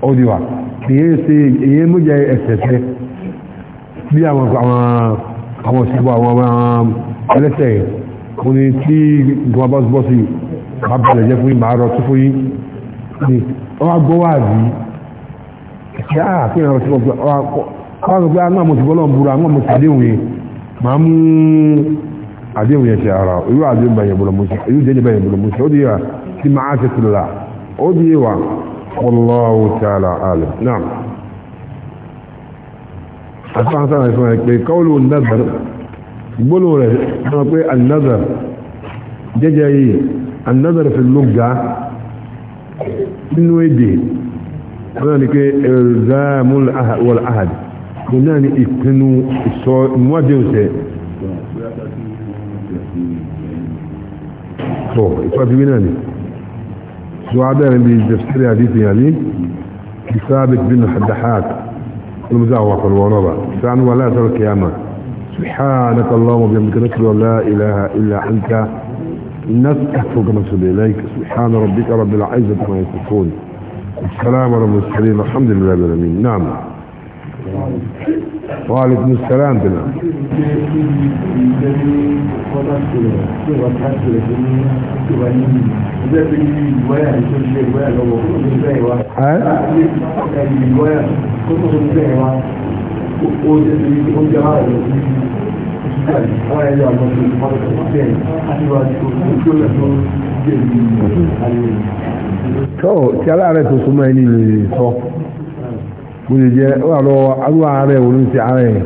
ó di wa kìí ṣe èyí mú jẹ ẹsẹ̀ tẹ bí àwọn àwọn òṣìṣẹ́ àwọn ẹlẹ́sẹ̀ mo ní tí nǹkan bá bọ́ sí bá bẹ̀rẹ̀ jẹ́ fún yín màá rọ tó fún yín ni ọ gbọ́ wá rí kí á kí n rọ sí ọ káwọn sọ pé ah, àwọn àmọ̀ ti bọ́lọ̀ ń búra àwọn àmọ̀ ti àdéhùn yẹn máa mú àdéhùn yẹn ṣe ara irú àdéhùn bẹ̀yẹ̀ bọ̀lọ̀ mọ́ṣẹ́ irú jẹ́jẹ́ bẹ̀yẹ̀ bọ̀lọ̀ mọ́ṣẹ́ ó di yà sí máa ṣe tìlà ó di yà wà wallahu ta'ala alam náà àtúwọ̀n sára ìfọ̀n ẹ̀ pé kọ́ọ̀lù nazar gbólò rẹ̀ sọ pé annazar jẹ́jẹ́ yìí annazar fi lugha nínú èdè wọ́n ni pé ilzamul ahad kunani ipinu iso mwade ose so ipa di winani so adere bi defsiri hadithi yali bi sabit bin hadahat ولا ذل القيامة سبحانك اللهم وبحمدك نشهد لا اله الا انت نستغفرك ونتوب اليك سبحان ربك رب العزة عما يصفون السلام على المرسلين الحمد لله رب العالمين نعم وعليكم السلام بنا tó tí aláàrẹ tó súnmọ́ ẹni lè sọ mo lè jẹ́ ó àlọ́ arúgbó ààrẹ òun ń ṣe ààrẹ yẹn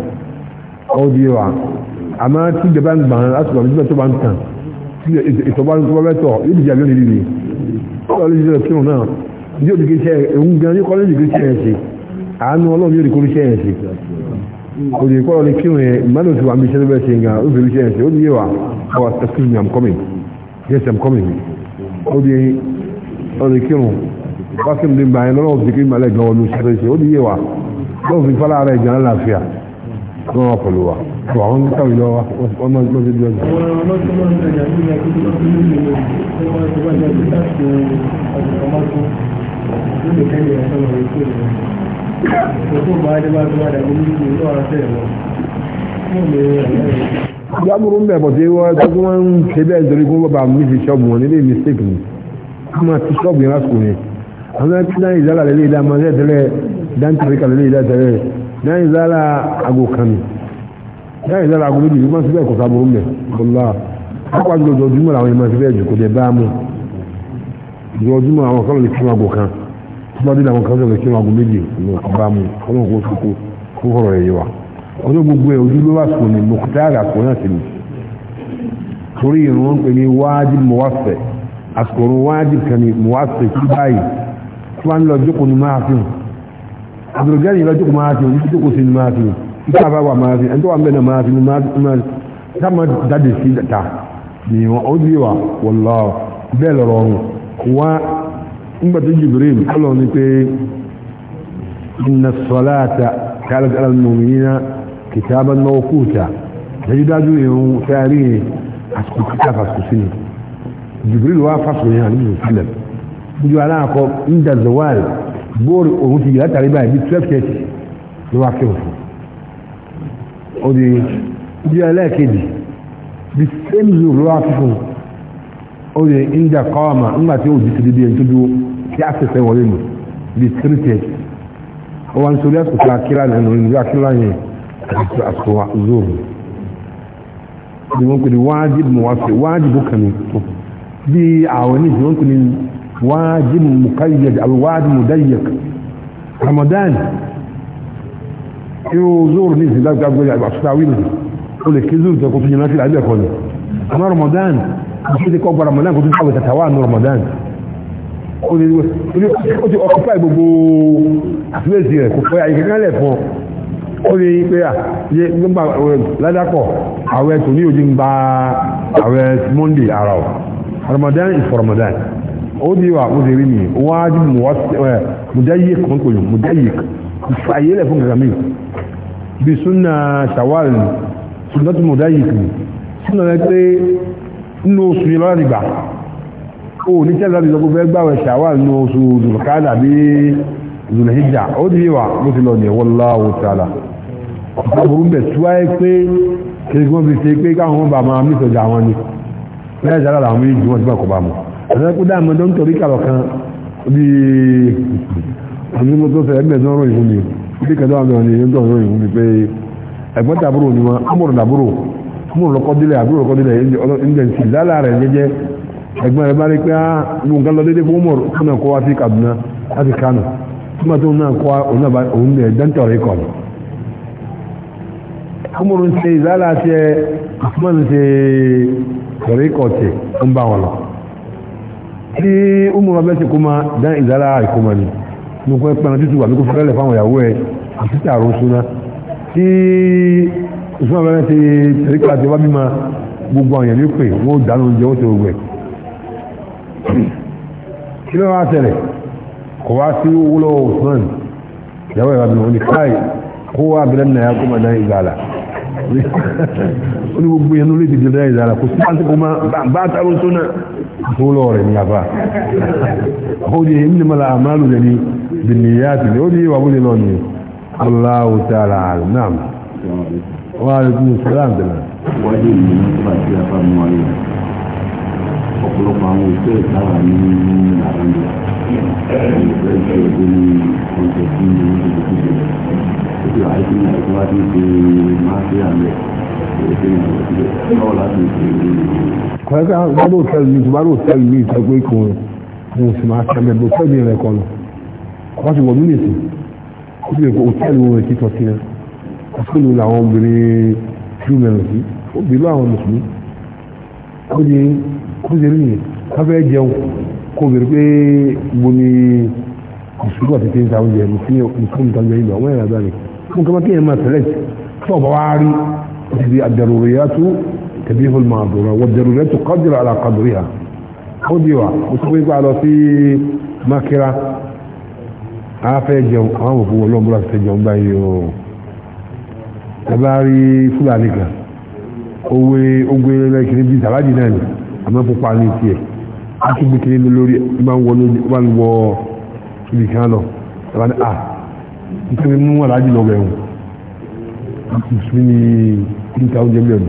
ó di wa àmọ́ tí ìjọba ń gbàn láti wà nígbà tó bá ń tàn tí ìtọ́ba ń tọ́ bẹ́tọ̀ yóò dìjà bí ó lè rí rí ó lọ lójú rẹ̀ kírun náà ní òdìgí iṣẹ́ òun gan ní kọ́lé òdìgí iṣẹ́ yẹn ṣe àánú ọlọ́run yóò dìgí iṣẹ́ yẹn ṣe òdìgí kọ́lọ́ ní kírun yẹn ìmọ̀lẹ́ òṣùwà mi iṣẹ́ bẹ́ẹ̀ ṣe ń gan ó fi iṣẹ́ yẹn ṣe ó di yé wa excuse me I'm coming yes I'm coming ó di ọ̀rẹ́ kírun bákìm ní gbà yẹn lọ́wọ́ òsìkí malẹ̀ gan olú ṣe ṣe ó ní yé wa lọ́wọ́ fi fọ́lá rẹ̀ gan láàfíà kí wọ́n pẹ̀lú wa wà wọ́n ń kàwé lọ́wọ́ wọ́n máa ń gbọ́ sí bí ọjà. jábùrú ń bọ̀ tí wọ́n ń ṣe bẹ́ẹ̀ nítorí kó bàbá mi fi ṣọ́ọ̀bù wọn nílé mistake ni wọ́n máa ti ṣọ́ọ̀bù yẹn lásìkò yẹn ọ̀nà tí náà ìzálà lè dá ma lè tẹ́lẹ̀ dáńtàríkà lè dá tẹ́lẹ̀ náà ìzálà àgò kan náà ìzálà àgò méjì bí wọ́n ti bẹ́ẹ̀ kọ́ sábò ń bẹ̀ bọ́lá ọkọ̀ àti lọ́dọọdúnmọ̀ làwọn ìmọ̀ ti bẹ́ẹ̀ jù kò dé bá mu lọ́dọọdúnmọ̀ àwọn kan lè kírun àgò kan tíwájú làwọn kan lè kírun àgò méjì bá mu ọlọ́run ni torí ìrún wọn pè ní wájib wọ́n lọ jókòó ní máa fi hàn abdulgani lọ jókòó máa fi hàn ní jókòó sí ní máa fi hàn ìta àbáwà máa fi ẹni tó wà ń bẹ̀ náà máa fi ní máa fi hàn dáàmà dáàdì sí ta ni wọn ó di wa wọlọ bẹ́ẹ̀ lọ́rọ̀ ọ̀run wá nígbà tó Jibril kọ́lọ̀ ni pé inna salata kálọ̀ kálọ̀ mu'minina kitaban mawquta dájúdájú ìrún fẹ́ẹ́rí àsìkò kíkà fàṣkò sí ni Jibril wá fàṣkò yẹn àníbi ìsìlẹ̀ gbogbo aláàkọ́ nígbà zọwáàlì góòlù òun ti yìí látàrí báyìí bí twelve thirty ló wá kéwòn fún ó di bí ẹlẹ́ẹ̀kejì bí same zoo ló wá fífún ó di nígbà kọ́ọ̀mà nígbà tí ó jìtì bíi ẹni tó dúró tí a fẹsẹ̀ wọlé nù bí three thirty ó wá ń sọ bí àsìkò akíra nínú ìlú akíra yẹn àti àsìkò zoo ni wọ́n pè ní wájib mọ̀ wá sí wájib bó kàn mí bí àwọn oníṣẹ́ wọ́n pè ní واجب مقيد او واجب مضيق رمضان يزور نيس لا تقول على التعويل كل كذور تكون في جنات العليا كله اما رمضان مش دي كوبا رمضان كنت تحاول تتوان رمضان قولي قولي اوكوباي بوبو افلسي كوباي كان له فوق قولي بيا نبا لا داكو awẹ tòní òjì ń gba awẹ monday ara ọ ramadan is for ramadan ó di wa ó zèrí mi wájú mùdáyík ń pè mùdáyík ayé lẹ̀ fún gàgàmí bí súnà ṣàwárì ni súnà tó mùdáyík ni súnà rẹ pé nínú oṣù yìí lọ́la dìgbà ó ní tẹ́lẹ̀ láti sọ pé fẹ́ gbàwẹ̀ ṣàwárì nínú oṣù zulukada bí zulhijja ó di wa bó ti lọ ní wallahu ta'ala ọ̀pọ̀ burú bẹ̀ túwáyé pé kí wọ́n fi ṣe pé káwọn bàbá mi sọ̀jà wọn ni lẹ́yìn sára làwọn méjì wọ́n ti bá kọ̀ bá mọ̀ àwọn ẹkú dáàmú tó ń torí kàwọ̀ kan bí i mo tó fẹ́ ẹgbẹ̀ẹ́ tó ń ròyìn fún mi bí kẹjọ àwọn ọmọ ènìyàn tó ń ròyìn fún mi pé ẹ̀gbọ́n tàbúrò ni wọn ámùrò làbúrò ámùrò lọ́kọ́dílẹ̀ àbúrò lọ́kọ́dílẹ̀ ìjẹ̀nsì lálà rẹ̀ jẹ́jẹ́ ẹ̀gbọ́n rẹ̀ bá rí pé ah, nǹkan lọ déédéé fún mọ̀rọ̀ kánà kó wá sí Kaduna lọ tí umar abẹ́ ti kó ma dán ìzára àìkó ma ni nínú kọ́ ẹ̀pẹ́ náà tútù àbíkó fẹ́lẹ̀ fáwọn ìyàwó ẹ̀ àti tààrùn súná tí usman abẹ́ ti tẹ̀lé kíláàsì wá bímọ gbogbo àwọn èèyàn ní pè wọ́n dánú oúnjẹ wọ́n ti gbogbo ẹ̀ kí ló wá tẹ̀lẹ̀ kò wá sí owó lọ́wọ́ usman ìyàwó ẹ̀ wá bímọ ní káì kó wá abilẹ̀ nà ya kó ma dán ìzára [LAUGHS] ó ní gbogbo yẹn ló lè dìde dán ìzára kò sí tólọ́ọ̀rẹ̀ ní àbá ó di ní mọ́lá àmàlù rẹ̀ ní bìnníyàtì ó di wà bóde lọ́nà Allahu ta'ala alam wà á lẹ́kùn sàlám tẹ̀lẹ̀. wáyé ìlú nípa tí a mú ayé ọ̀pọ̀lọpọ̀ àwọn òṣèré kọ̀ọ̀kọ́ gbọ́dọ̀ tẹ́lẹ̀ mi tó bá lò tẹ́lẹ̀ mi tó pé kò ní oṣù máa tẹ́lẹ̀ bó fẹ́ mi rẹ̀ kọ́ lọ wọ́n ti wọ̀ mí nìsí ó ti lè kó tẹ́lẹ̀ wọn ti tọ́ sí ẹ àfúnù làwọn obìnrin júmẹ̀rẹ̀ sí obìnrin àwọn mùsùlùmí ó ní kó ṣe rí yẹn ká fẹ́ jẹun kó bèrè pé mo ní ìṣúgbọ́ àti tí ń ta oúnjẹ mi fún mi tó ń ta oúnjẹ yìí lọ wọ́n yẹn àgbà rẹ̀ fún kí wọ́n kí yẹn máa tẹ̀lẹ̀ tí ọ̀bọ̀ wá rí هذه الضروريات تبيه المعذورة والضروريات قدر على قدرها خذوا وتبقى على في ماكرة afẹ́ jẹun àwọn òfin wọn lọ́mọ́lá fẹ́ jẹun báyìí o ẹbá rí fúlàní kan owó ogun ẹlẹ́lẹ́ kiri bíi sàlájì náà ni àmọ́ pupa ní tiẹ̀ a tún gbé kiri lórí ẹ máa ń wọ lórí ẹ máa ń wọ ibì kan lọ ẹ máa ní à nítorí mú aláàjì lọ bẹ̀rù ìsúnmí ní nǹkan oúnjẹ mílíọ̀n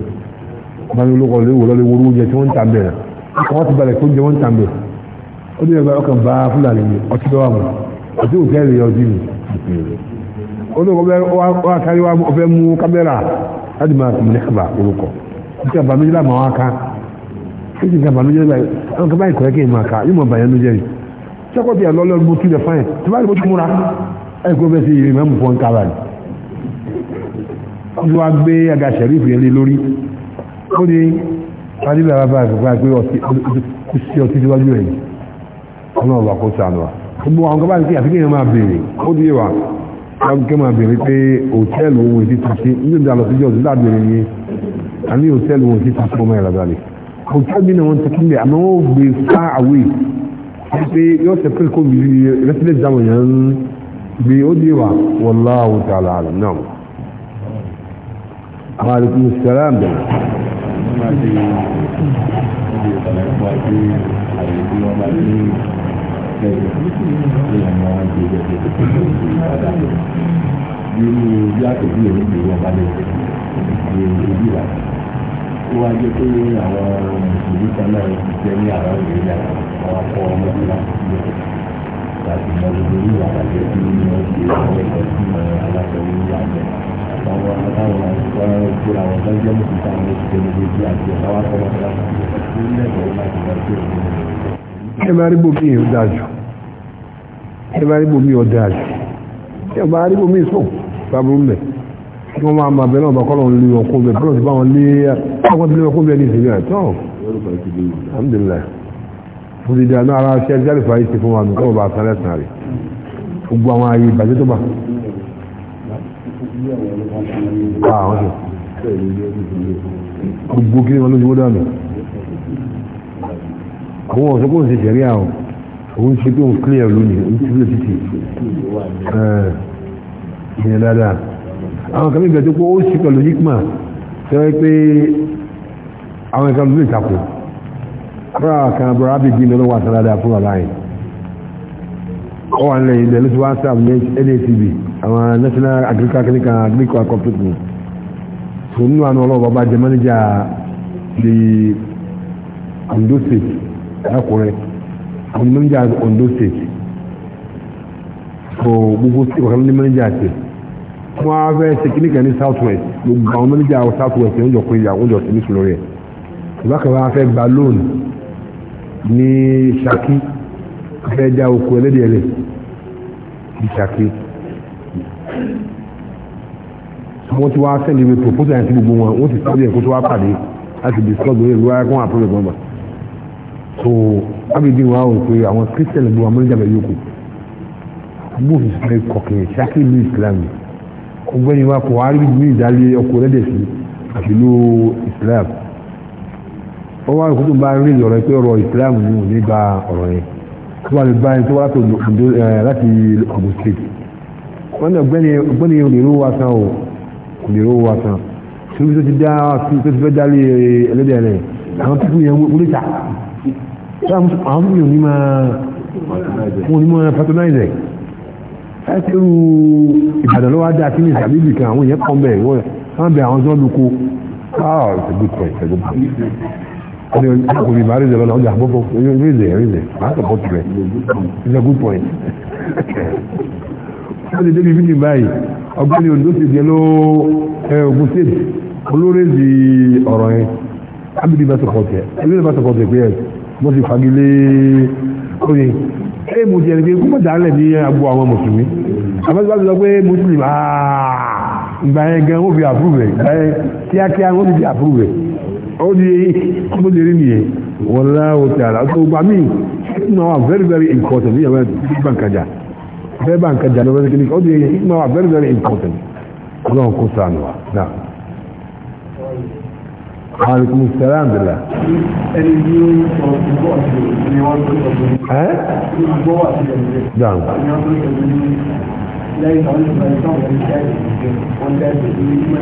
máa ní olóko lè wò lọ́lẹ́ wo oúnjẹ tí wọ́n ń tà bẹ̀rẹ̀ ọkọ̀ wọ́n ti balẹ̀ kó oúnjẹ wọ́n ń tà bẹ̀rẹ̀ ó ní ẹgbẹ́ ọkàn bá fúlàní ni ọtí bá wà mọ̀ ọtí ò fẹ́ lè ọtí mi olóko bẹ wá kárí wá ọfẹ́ mú kámẹ́rà láti máa tì mí ní kaba olóko nǹkan bá mi jẹ́ láàmú àwọn ká kéjì nǹkan bá mi jẹ́ báyìí àwọn kan báyìí kọ̀ọ̀kẹ́ ìmọ̀ àká yóò mọ̀ bàyẹn ló jẹ́ yìí sẹ́kọ̀ọ́ bí i àlọ́ lọ́ọ́ tí wọ́n gbé aga sẹ̀rífù yẹn lé lórí ó ní adílẹ̀ bàbá àgbà pé ọtí ọtí síwájú ẹ̀ ọlọ́run bá kó sànù wa gbogbo àwọn kọ́bá ti àfikẹ́ yẹn máa bèèrè ó ní wa wọ́n kẹ́ máa bèèrè pé hòtẹ́ẹ̀lì ohun èdè tuntun ní ìdá lọ síjọ́ sí lábẹ́rẹ́ yẹn a ní hòtẹ́ẹ̀lì ohun èdè tuntun ọmọ ìlàdà rẹ̀ hòtẹ́ẹ̀lì mi náà wọ́n ti kílẹ̀ àmọ́ wọ́n gbé far away pé yóò ṣe pé kó mi rẹ́sílẹ̀ jáwọ̀ yẹn gbé ó ní wa wallahu ta'ala alam náà àríkú sẹ́lám bẹ̀rẹ̀ Irú bí àtẹ̀bí èyí ti wọ́n balẹ̀ ìdíje ìdíje ìlà. Ó wá jẹ́ pé àwọn mùsùlùmí kan náà ti jẹ́ ní àwọn ìrìn àjò àwọn akọ ọmọ ìlà láti mọ gbogbo ìlú àgbàjẹ́ tí wọ́n ti ṣe àwọn ìlọ́sí aláṣẹ orí àgbẹ̀ àtàwọn aláwọ̀ àwọn ìgbéra àwọn ọ̀dájọ́ mú kíkà àwọn ìṣẹ̀lẹ̀ méjì àti ọ̀dáwà tó wọ́n fẹ́ràn tó ń lẹ́gbẹ̀ẹ́ láti lọ sí òun. ẹ máa rí bòmí ò dáa jù ẹ máa rí bòmí ò dáa jù ẹ máa rí bòmí sùn bàbá ń bẹ̀ kí wọ́n máa máa bẹ̀ náà bá kọ́ lọ́n lé ọkùn bẹ̀ bọ́lọ̀ ti bá wọn lé ọkùn ti lé ọkùn bẹ̀ ní ìsinmi àtọ́ alhamdulilayi fún ti dáa náà ara ṣe jáde fàáyé ti fún wa nù kọ́ bá sálẹ̀ sàn rè gbogbo àwọn ààyè ìbàjẹ́ tó bá Ah, gbogbo kí ni wọn ló ti wọ́n dànù àwọn ọ̀sẹ̀ kò ń ṣe jẹ̀rí àwọn òun ṣe pé òun clear lónìí òun ti lè títì eh, ìyẹn dáadáa àwọn kan nígbà tó kó ó sì pẹ̀lú hikma tó yẹ pé àwọn ẹ̀ka lórí ìtakò kọ́ra kan bọ̀rọ̀ ábìdí ní ọlọ́wọ́ àtàládà fún àlàyé ọwọ́ àlẹ́ ilẹ̀ ló ti wá sáà ní NATV àwọn national agricultural clinical agricultural corporate ni tó nínú àná ọlọ́wọ́ bá jẹ mẹ́nẹ́jà di Ondo state ẹ̀kúnrẹ́ àwọn mẹ́nẹ́jà Ondo state tó gbogbo state wọ́n ní mẹ́nẹ́jà àti wọ́n á fẹ́ ṣe clinical ní south west gbogbo àwọn mẹ́nẹ́jà south west ń jọ pé àwọn jọ sí ní sùlọ rẹ̀ ìbákan wọn á fẹ́ gba loan ní Ṣakí fẹ́ dá oko ẹlẹ́dẹ̀ẹ́lẹ̀ ní Ṣakí wọ́n ti wá sẹ́ni ìwé proposal yẹn sí gbogbo wọn wọ́n ti sáré ẹ̀kọ́ tó wá pàdé láti discuss lórí ìlú ayé kó wọn àpérò ìgbọ̀nba so abidin wa wò pé àwọn christian lè bu àwọn mẹ́jọ bẹ̀ yókù bóòfù sì fẹ́ kọ̀kẹ́ ṣáàkì ìlú islam ọgbẹ́ni wa kò wárí ní ìdálé ọkọ̀ rẹ́dẹ̀ sí àti ìlú islam wọ́n wá ìkótó bá rí ọ̀rọ̀ pé ọ̀rọ̀ islam ni ò ní gba ọ̀rọ̀ yẹn tó wà ní báyìí tó wà láti ọ̀gbọ̀n eh, state wọ́n ní ọgbẹ́ni ọ̀gbẹ́ni olè ló wá sáà kò lè rówó wa san torí tó ti dá tó ti fẹ́ dálé eh, ẹlẹ́dẹ̀ rẹ̀ àwọn tó kù yẹn wọlé ta àwọn tó kù yẹn ní máa wọn ní máa patronize ẹ̀ ẹ̀kẹ́rù ìbàdàn lọ́wọ́ dá sí ní ìsàbíbì kan àwọn èèyàn kan bẹ̀ wọ́n bẹ̀ àwọn sọ́ọ́ lóko ah it's a good point it's a good point ọdún ọkùnrin ìbá rèzè lọ́nà ọjà àbúkọ rèzè rèzè máa sọ̀pọ̀ tirẹ̀ it's a good point. wọ́n ti débi fídíò báyìí ọgbẹ́ni Ondo ti jẹ́ ló Ògùn state olórí di ọ̀rọ̀ yẹn abidi bá sọ̀kọ̀ tẹ̀ abidi bá sọ̀kọ̀ tẹ̀ pé ẹ̀ mo sì fagilé oye ẹ mo ti ẹni pé kúmọ̀ dálẹ̀ ní agbo àwọn mùsùlùmí àbájọ́ bá ti sọ pé mùsùlùmí ìgbà yẹn gan wọ́n fi àpúrúvẹ̀ ìgbà yẹn kíákíá wọ́n fi àpúrúvẹ̀ ó di mo ti rí nìyẹn wọ́n láwọ́ tẹ̀ àlá tó gbà mí ìtumọ̀ wà very very important ní ìyàwó ìgbà nǹkan jà فيبان كجانا بذلك اللي قد يهي حكمة وعبر ذري انكوتن اللهم قصة عنه نعم عليكم السلام بالله ها؟ نعم لا يتعلم بأن يتعلم بأن يتعلم بأن يتعلم بأن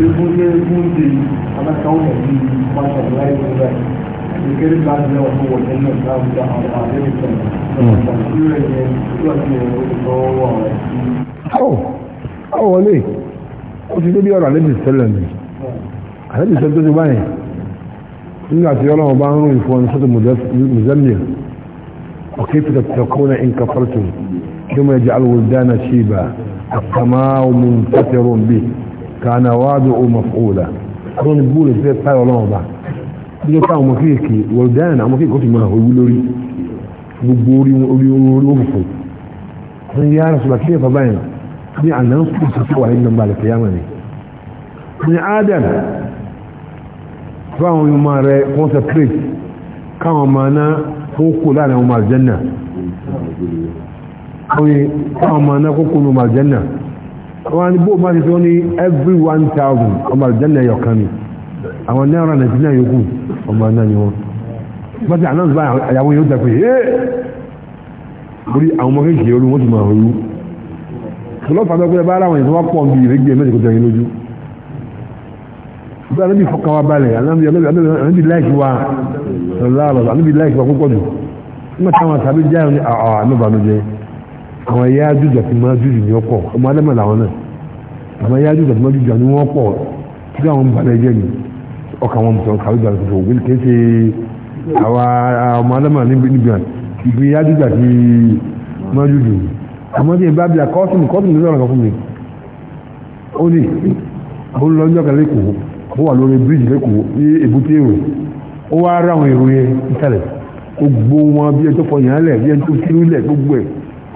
يتعلم بأن يتعلم بأن يتعلم بأن ọ oh, oh, wọlé ó ti débi ọ̀rọ̀ àlébì sẹ́lẹ̀ ni àlébì sẹ́lẹ̀ tó ti báyìí nígbà tí ọlọ́run bá ń rún ìfọ́ ní sọ́tọ̀ mùzẹ́mìl ọ̀kẹ́ pẹ̀tẹ̀ tẹ̀kọ́nà ìǹkà fọ́lùtù kí mọ̀ ẹ̀jẹ̀ alwòdánà ṣíbà àkàmáwò mú tẹ́tẹ̀rọ̀ bí kànáwádùn ó mọ̀fóòlà àwọn ìbúrò ìfẹ́ táyọ̀ ọlọ́run bá bí ó fáwọn ọmọ kéèké wọ̀lùdáyàn àwọn kéèké ó fi máa owó lórí gbogbo orí orí orí òfòfò wọ́n yá ara sọ̀rọ̀ kí ẹ̀fà báyìí ní àná ń fi ìṣẹ́ wà nínú balẹ̀ kẹ́yà mọ̀ ni. ní adam fáwọn ọmọ rẹ̀ concentrate káwọn ọmọ náà fún kó láàrin ọmọ àjẹ́nà oye káwọn ọmọ náà kókó ní ọmọ àjẹ́nà wọ́n á ní bó sọ ní every one thousand ọmọ àjẹ́nà ẹ̀yọ̀kan ni àwọn náírà nàìjíríà yòókù ọmọ náà ni wọn bọ́tí ànáàsì bá àyàwó yóò dẹ̀kọ̀ yé orí àwọn ọmọ kéèkéé olú wọ́n ti máa rú ọlọ́pàá tó kúrẹ́ bá ara àwọn ìfọwọ́ pọ̀ bí ìrẹ́gbẹ̀ẹ́ mẹ́jọ kọjá yín lójú bí anábì fọkàn wa balẹ̀ anábì láìkì wa lọ́lọ́ anábì láìkì wa púpọ̀ jù nígbà táwọn àtàbí já ní àwọn ah, ah, àmọ́bànújẹ àwọn ẹ̀yà ajújù àti máa jújù ní ọ̀pọ̀ ọmọ adẹ́mọ̀ làwọn náà àwọn ẹ̀yà ajújù àti máa jújù àti wọ́n pọ̀ tí àwọn balẹ̀ jẹ́ nìyí ọkàn wọn mùsùlùmí kàwé gbàgbé tó wọlé kìí ṣe àwa ọmọ adama níbi níbi hàn ìgbé yájúgbà ti mọ́jú jù àmọ́ tí ìbá bíi àkọ́sùn kọ́sùn ló sọ̀rọ̀ kan fún mi ó ní ó ń lọ ní ọ̀gá lẹ́kọ̀ọ́ ó wà lórí bíríjì lẹ́kọ̀ọ́ ní èbúté èrò ó wá rà àwọn èrò yẹn nísàlẹ̀ gbogbo wọn bí ẹjọ́ pọ̀ yàn án lẹ̀ bí ẹjọ́ tó kiri lẹ̀ gbogbo ẹ̀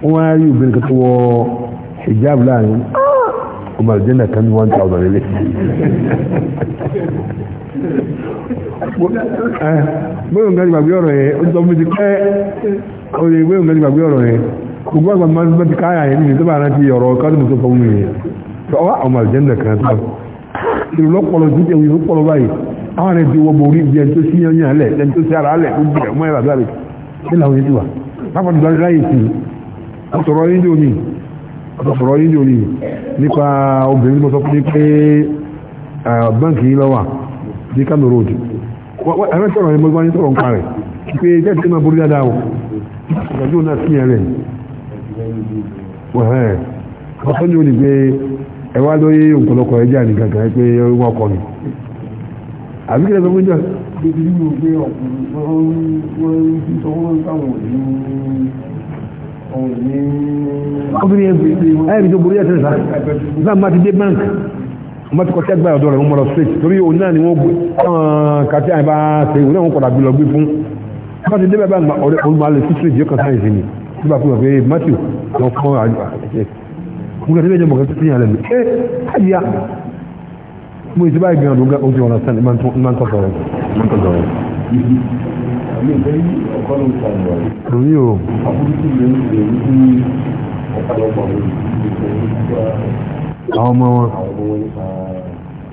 ó wá rí obìnrin kan tó wọ hijab láàrin ọmọ àlùjẹ́ nà kan ní one thousand lẹ́lẹ́ [LAUGHS] bóyá nǹkan gbàgbé ọ̀rọ̀ yẹn ó sọ fún mi ti pẹ́ oye bóyá nǹkan gbàgbé ọ̀rọ̀ yẹn gbogbo àgbà máa ń ti káyà yẹn níbi tó bá rántí ọ̀rọ̀ káàdì mọ̀ tó fọ́ mi yẹn ọwọ́ àwọn ọmọ àjẹ́ndà kan tó ìlú lọ́pọ̀lọ́ sí ẹ̀wù ìlú pọ̀lọ́ báyìí àwọn ẹni tí wọ́n bọ̀ orí ibi ẹni tó sí yẹn alẹ̀ ẹni tó sí ara alẹ̀ ó bẹ̀rẹ̀ mọ́ ẹ̀rọ àbúrò kí làwọn yẹn ti wà tó di Kano road ẹ̀rọ sọ̀rọ̀ ni mo gbọ́ ní sọ̀rọ̀ nǹkan rẹ̀ pé jẹ́ ti máa borí dáadáa o ìgbàdo náà sí ẹ̀rẹ̀ wẹ̀rẹ̀ ọ̀sán ni ó ní pé ẹ wá lóye ọ̀pọ̀lọpọ̀ ẹja ní gàgà pé wọ́n kọ́ ni àbí kílẹ̀ sọ́kún jọ. obìnrin ẹ̀ ẹ̀ ẹ̀ ẹ̀ ẹ̀ ẹ̀ ẹ̀ ẹ̀ ẹ̀ ẹ̀ ẹ̀ ẹ̀ ẹ̀ ẹ̀ ẹ̀ ẹ̀ ẹ̀ ẹ̀ wọ́n ti kọ́ tẹ́gbà ọ̀dọ́ rẹ̀ wọ́n mọ̀ lọ straight torí òun náà ni wọ́n gbé ọ̀hún kàtí àyíbá ṣe òun náà wọ́n padà gbé lọ gbé fún wọ́n ti débẹ̀ bá olùmọ̀lẹ̀ sí straight yóò kàn sáyẹn sí ni tí bá fún wọn pé Matthew lọ fún àjọ àṣẹ mo kàn débẹ̀ jẹ́ mọ̀kàn tó ti yàn lẹ́nu ẹ àyà mo ti báyìí àwọn ọmọ wọn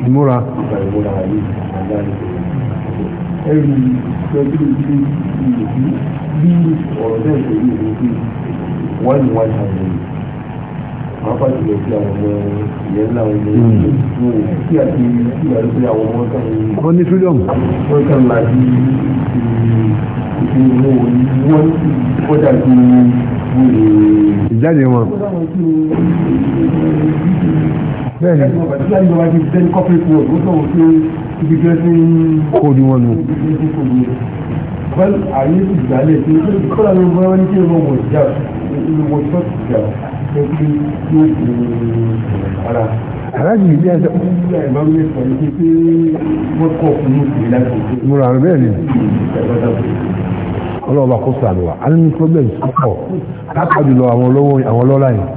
ìmúra ẹ̀rù pẹ̀lú ilé ìlú bí ọ̀rọ̀ náà ṣe rí ìlú bí wọ́n ní wọ́n ṣe àyẹ̀wò pápá jùlọ sí àwọn ọmọ ìyẹn ńlá wọn ní ìlú tí àti tí àti pé àwọn ọmọ kan ní. wọ́n ní freedom. wọ́n kàn máa di ìṣòro wọn ní wọ́n kọjá ju wọ́n lè ìjáde wọn. bẹ́ẹ̀ni kóòdù wọn nù. bẹ́ẹ̀ àyè ti gbàlẹ̀ tí kọ́lá ló bá wọn kí ẹ wọ́n wọ̀ ìjà ìlú wọ́n tó ti jà pé kí yóò fi ara. aláàjì ìdí ẹjọ. múra bẹ́ẹ̀ ni ọlọ́ọ̀bá kó sàánù wa a ní problems púpọ̀ látàjú lọ àwọn olówó àwọn ọlọ́lá yìí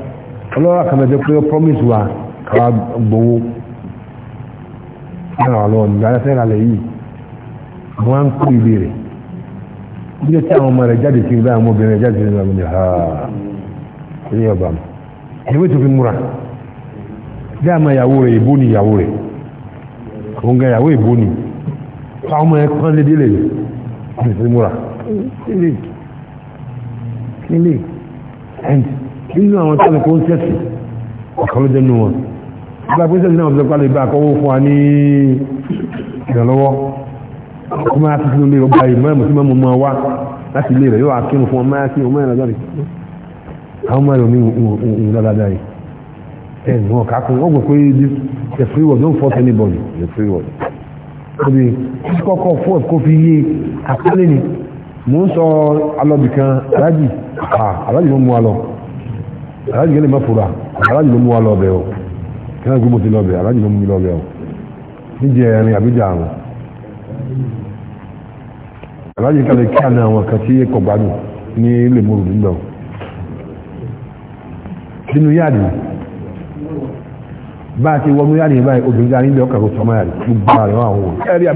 ọlọ́lá kan mẹ́jọ pé ó promise wa káwa gbowó náà wà lọ́wọ́ nígbà tẹ́ ìrànlẹ̀ yìí wọ́n á ń kó ìbéèrè bí ó tí àwọn ọmọ rẹ̀ jáde kiri báyìí àwọn obìnrin rẹ̀ jáde kiri báyìí ní ha ah, ilé ọba mi ìwé tó fi múra bí àmọ́ ìyàwó rẹ̀ ìbò ni ìyàwó rẹ̀ òun ga ìyàwó ìbò ni fáwọn ọmọ ẹ̀ pọ́n lédè lè fi múra kílè kílè and nínú àwọn tí a lè kó sẹ́sì ọ̀kan ló jẹ́nu wọn nígbà pé sẹ́sì náà ọ̀sẹ̀ pàlẹ̀ ìgbà àkọ́wọ́ fún wa ní ìrànlọ́wọ́ ó máa ti sínú ilé ọgbà ìmọ̀ ẹ̀mọ̀ sí mọ́mọ́ wa láti ilé rẹ̀ yóò akínú fún ọmọ akínú ọmọ ẹ̀rọ lọ́rẹ̀ àwọn ọmọ ẹ̀rọ mi ń dáadáa yìí ẹ̀ ní ọ̀ká kún ọgbọ̀n pé the free world don't force anybody the free world. kọ́kọ́ fọ́ọ̀t kó fi yé àkálẹ́ ni mo ń sọ alọ́bìkan alájì alájì ló mú wa lọ alájì gẹ́lẹ́ má fura alájì ló mú wa lọ bẹ̀ o kí wọ́n gbé mo ti lọ bẹ̀ alájì ló mú mi lọ bẹ̀ o níjẹ ẹrin àbíjà àrùn alájì kalẹ̀ kí àná àwọn kan tí kò gbádùn ní ilé mòrò nígbà o nínú yáàdì bá a ti wọnú yáàdì báyìí obìnrin dání ilé ọkà kò sọmọ yàrá gbogbo àrẹ wọn àwọn òwò ẹ̀rí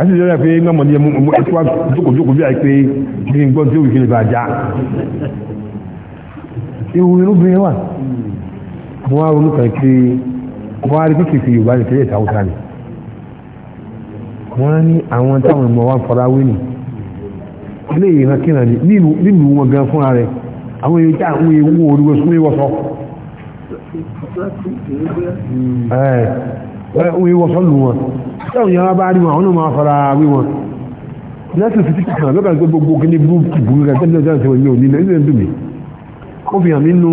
àti ìjọba pé gbọ́mọ̀ ní ẹmú ẹkú àjókòjókò bí i pé kí n gbọ́n tí ó wìkìlì bá já ìwò irúbìnrin wà wọ́n á ronú kan pé wọ́n á rí pé kìkì yorùbá ní tẹ́lẹ̀ ìtàwọ́ta ni wọ́n á ní àwọn táwọn ìmọ̀ wa ń fara wé nì ilé ìran kíran ni nínú wọn gan fúnra rẹ̀ àwọn èèyàn tí àwọn èèyàn wọ orí wọn súnmọ́ ìwọ́sọ wíwọ́ sọ́lù wọn táwọn yàrá bá rí wọn àwọn ọmọ afárá wíwọn lẹ́sìn sí títí kan lọ́gbà gbogbo kí ní búrúkú búrúkú kan tẹ́lẹ̀ jáde wọn ní òní ní ẹ̀sìn ẹ̀dùnmí ó fi hàn nínú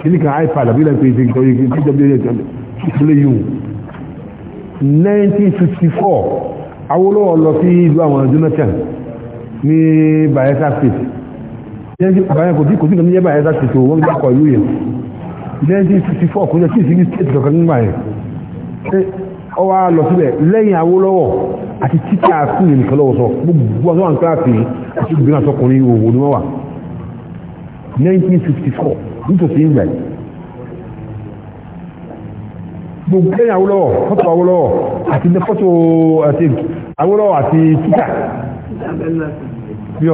kíní kan ipad àbí láti ṣe ìtọ́jú kí ní wọ́n ìpínlẹ̀ yìí 1954 Awólọ́wọ̀ lọ sí ìlú àwọn Jonathan ní Bayelsa State bayan kò sí kò sí kan ní Bayelsa State wọ́n gbà kọ̀ ìlú yẹn 1954 kò sí sí ní state kankan nígbà yẹn ọwọ́ lọ síbẹ̀ lẹ́yìn Awólọ́wọ̀ àti títà fún ìrìnkẹ́ lọ́wọ́ sọ gbogbo ọ̀sán àǹkà àti àti ìgbìmọ̀ àtọkùnrin òwò ni wọ́n wà 1954 nítòsí ìgbẹ̀ gbogbo lẹ́yìn Awólọ́wọ̀ fọ́tò Awólọ́wọ̀ àti fọ́tò Awólọ́wọ̀ àti títà bí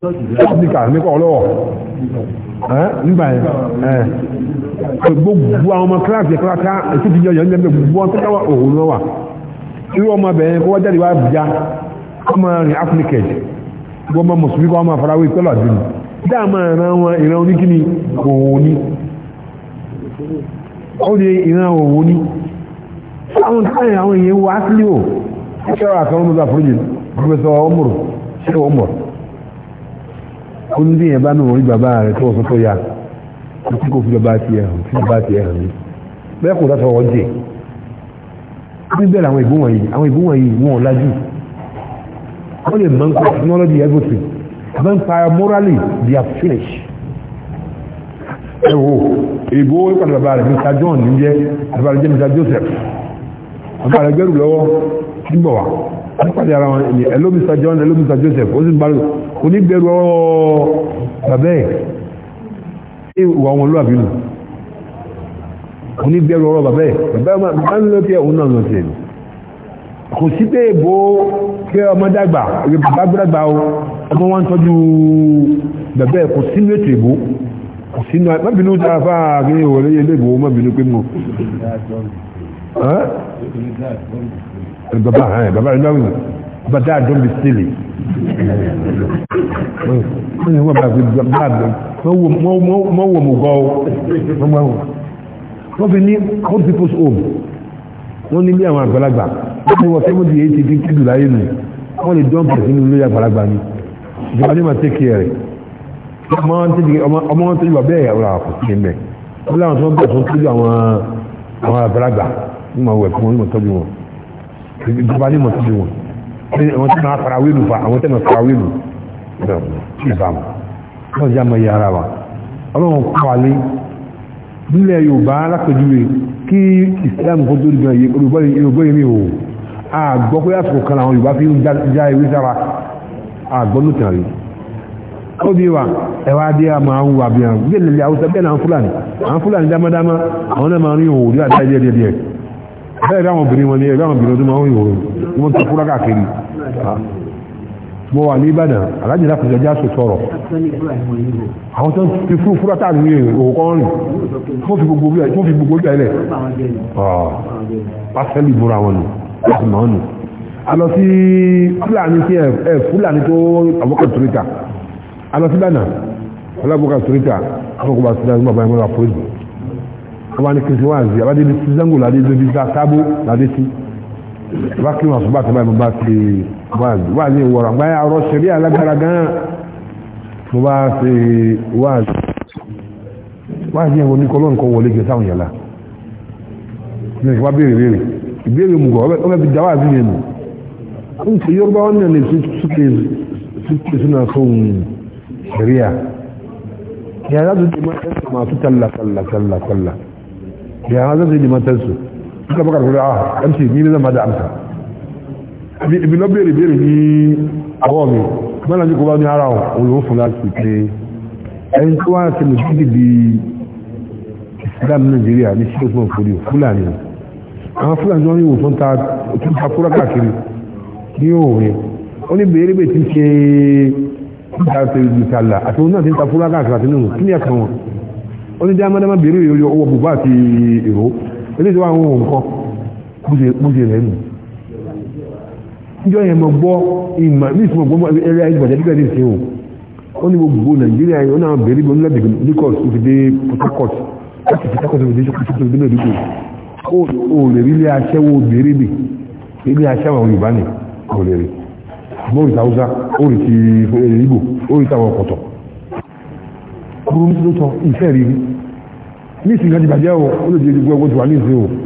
níkà níkà ọlọ́wọ̀ nígbà yẹn gbogbo àwọn ọmọ kíláàsì kíláàsì ètò ìjọ yẹn lẹ́gbẹ̀ẹ́ gbogbo wọn tó òun náà irú ọmọ bẹ̀rẹ̀ kó wọ́n jáde wá bìjá ọmọ rìn african gbogbo ọmọ mùsùlùmí kọ́ ọmọ àfarawé pẹ́lú àdúrà dáàmà ìran wọn ìran oníkíni òun ó lè ìran òun àwọn táyà àwọn èèyàn wá sílẹ̀ ò ṣẹ́wà ó ní díẹ̀ bá náà rí bàbá rẹ̀ tó ọ̀sán tó yà tí kò fi bàbá ti ẹ̀hàn tí bàbá ti ẹ̀hàn ní bẹ́ẹ̀ kò dáṣọ wọ́n jẹ́ ní bẹ́ẹ̀ àwọn ìbú wọ̀nyí àwọn ìbú wọ̀nyí wọn ò lájú wọ́n lè máa ń kọ́ technology everything àbẹ́ ń pa morally they are finished ẹ wo ìbò ìpàdé bàbá rẹ̀ Mr John ní jẹ́ bàbá rẹ̀ jẹ́ Mr Joseph bàbá rẹ̀ gbẹ́rù lọ́wọ́ nígbọ̀ wá wọ́n pàdé ara wọn ẹ̀ló Mr John ẹ̀ló Mr Joseph ó sì ń bá rẹ̀ kò ní bẹ̀rù ọ̀rọ̀ bàbẹ́ ẹ̀ ìwà wọn lóàbí nù kò ní bẹ̀rù ọ̀rọ̀ bàbẹ́ ẹ̀ bàbá ń lọ ẹ̀ òun náà lọ ẹ̀ kò sí pé èbó kí ọmọ dàgbà bàbá gbàgbà o ọmọ wọn tọ́jú bàbẹ́ ẹ̀ kò sínú ètò èbó kò sínú mọ́bìnú tá a fà á kí ìwọlé ilé ìbò mọ́bìnú pé mọ́ bàbá rẹ̀ bàbá rẹ̀ náà bàbá dáa don't be silly wọ́n yẹn wọ́n bá fi gbàgbé wọ́n wọ̀ mú gọ́ wọ́n fi ní old people's home wọ́n ní bí àwọn àgbàlagbà wọ́n wọ́n seventy eighty fifty dùlá yìí nù wọ́n lè dán pẹ̀lú nínú lórí àgbàlagbà ni ìjọba ní ma take care ọmọ wọn tẹ́jú ọmọ wọn tẹ́jú bàbá ẹ̀yà ọ̀rọ̀ àkọsí ní mẹ́ wọ́n láwọn tó ń bẹ̀rẹ̀ tó ń tẹ́jú àwọn àwọn àgbàlagbà ní ma wẹ̀ fún wọn ní ma àwọn tí ma fara wílù fa àwọn tí ma fara wílù ìbámu wọ́n já mọ̀ yí ara wa ọlọ́run kọ́wàlé nílẹ̀ Yorùbá alápẹ̀júwe kí Islam kó tó dìgbà Yorùbá yẹmí o àgbọ́ pé àsìkò kan àwọn Yorùbá fi ń já ewé sára àgbọ́ ló tàn rí ó bí wa ẹwà adé a máa ń wà bí i bí ilẹ̀ Haúsá bẹ́ẹ̀ náà Fúlàní àwọn Fúlàní dámadáma àwọn náà máa ń rí òwò ní àdáyé díẹ̀díẹ̀ bẹ́ẹ̀ bí àwọn obìnrin wọn ni ẹgbẹ́ àwọn obìnrin ọdún máa ń rí òwò ni wọ́n ti fúra káàkiri mo wà ní Ìbàdàn alájì láti jẹjá sọ sọ̀rọ̀ àwọn tó ti fún fúra tá à ní òwò kan rìn tó fi gbogbo bí tó fi gbogbo bí ẹlẹ pásẹlì ah, múra wọn nù láti mọ nù a lọ sí fúlàní sí ẹ fúlàní tó àbọkàn tòríta a lọ sí Ìbàdàn alábọkàn tòríta àbọkàn bá sílẹ̀ nígbà báyìí wọn lọ fún ìgbò àwọn ni kìsìwáàzì àbádé ní sísẹ́ngù ládé lóbi sábó ládé sí bá kí wọn sọ́bàtà báyìí mo bá ti wáàzí ìwọ̀rọ̀ àgbáyé àrọ́ ṣẹ̀rí alágbára gan mo bá ti wáàzí ìwọ̀n ní kọlọ́n kan wọlé gẹ̀ sáwọn yàrá ní ìwà béèrè béèrè ìbéèrè mu gọ̀ ọmọ ibi dáwà sí nínú ń fi yorùbá wọn nìyẹn sókè sínú àfọ̀hún ṣẹ̀rí à yàrá tó ti máa tẹ̀sán máa tó tàlà tàlà tàlà tàlà yàrá tó ti máa tẹ̀sán suka bakar kuri a ah, amce ni ne zan ma da amsa ibi na bere bere ni awọ mi mana ji kuma ni ara olùwọ́ fún láti pé ẹni tó wá ti mùsùlùmí di Islam Nàìjíríà ní ṣíkọ́ fún òfòrí Fúlàní àwọn Fúlàní wọn ní ìwòsàn ta tún ta kúrò káàkiri ní òòrùn ó ní bèèrè bèèrè ti ń ṣe ìdáṣe ìtàlà àti òun náà ti ta kúrò káàkiri àti nínú kí ni ẹ̀ka wọn ó ní dáadáa bèèrè owó bùbá àti èrò ilé ìjọba àwọn ohun kan bó ṣe rẹ̀ nù níjọ́ yẹn mọ̀ gbọ́ ìmọ̀ ní ìfúnmọ̀ gbọ́ ẹ̀rẹ́ ayé ìbàjẹ́ nígbà níṣẹ́ o ó ní gbogbo nàìjíríà yìí ó náà bẹ̀rẹ̀ bí onílẹ̀ dègbè Lagos ó ti dé Port Harcourt láti Port Harcourt ó ti dé Sokoto ó ti dé Mẹ́dúgbò ó lè rí ilé aṣẹ́wó bèrè bì ilé aṣẹ́wó àwọn Yorùbá ni ó lè rí mọ́rì tàwùsá ó rí ti Ìgbò ó rí tàwọn ọ̀pọ̀tọ̀ kúrú ní tó tọ́ ìfẹ́ rírí ní ìsìnkà ti bàjẹ́ o ó lè di gbogbo ẹgbẹ́ tó wà ní ìsìn o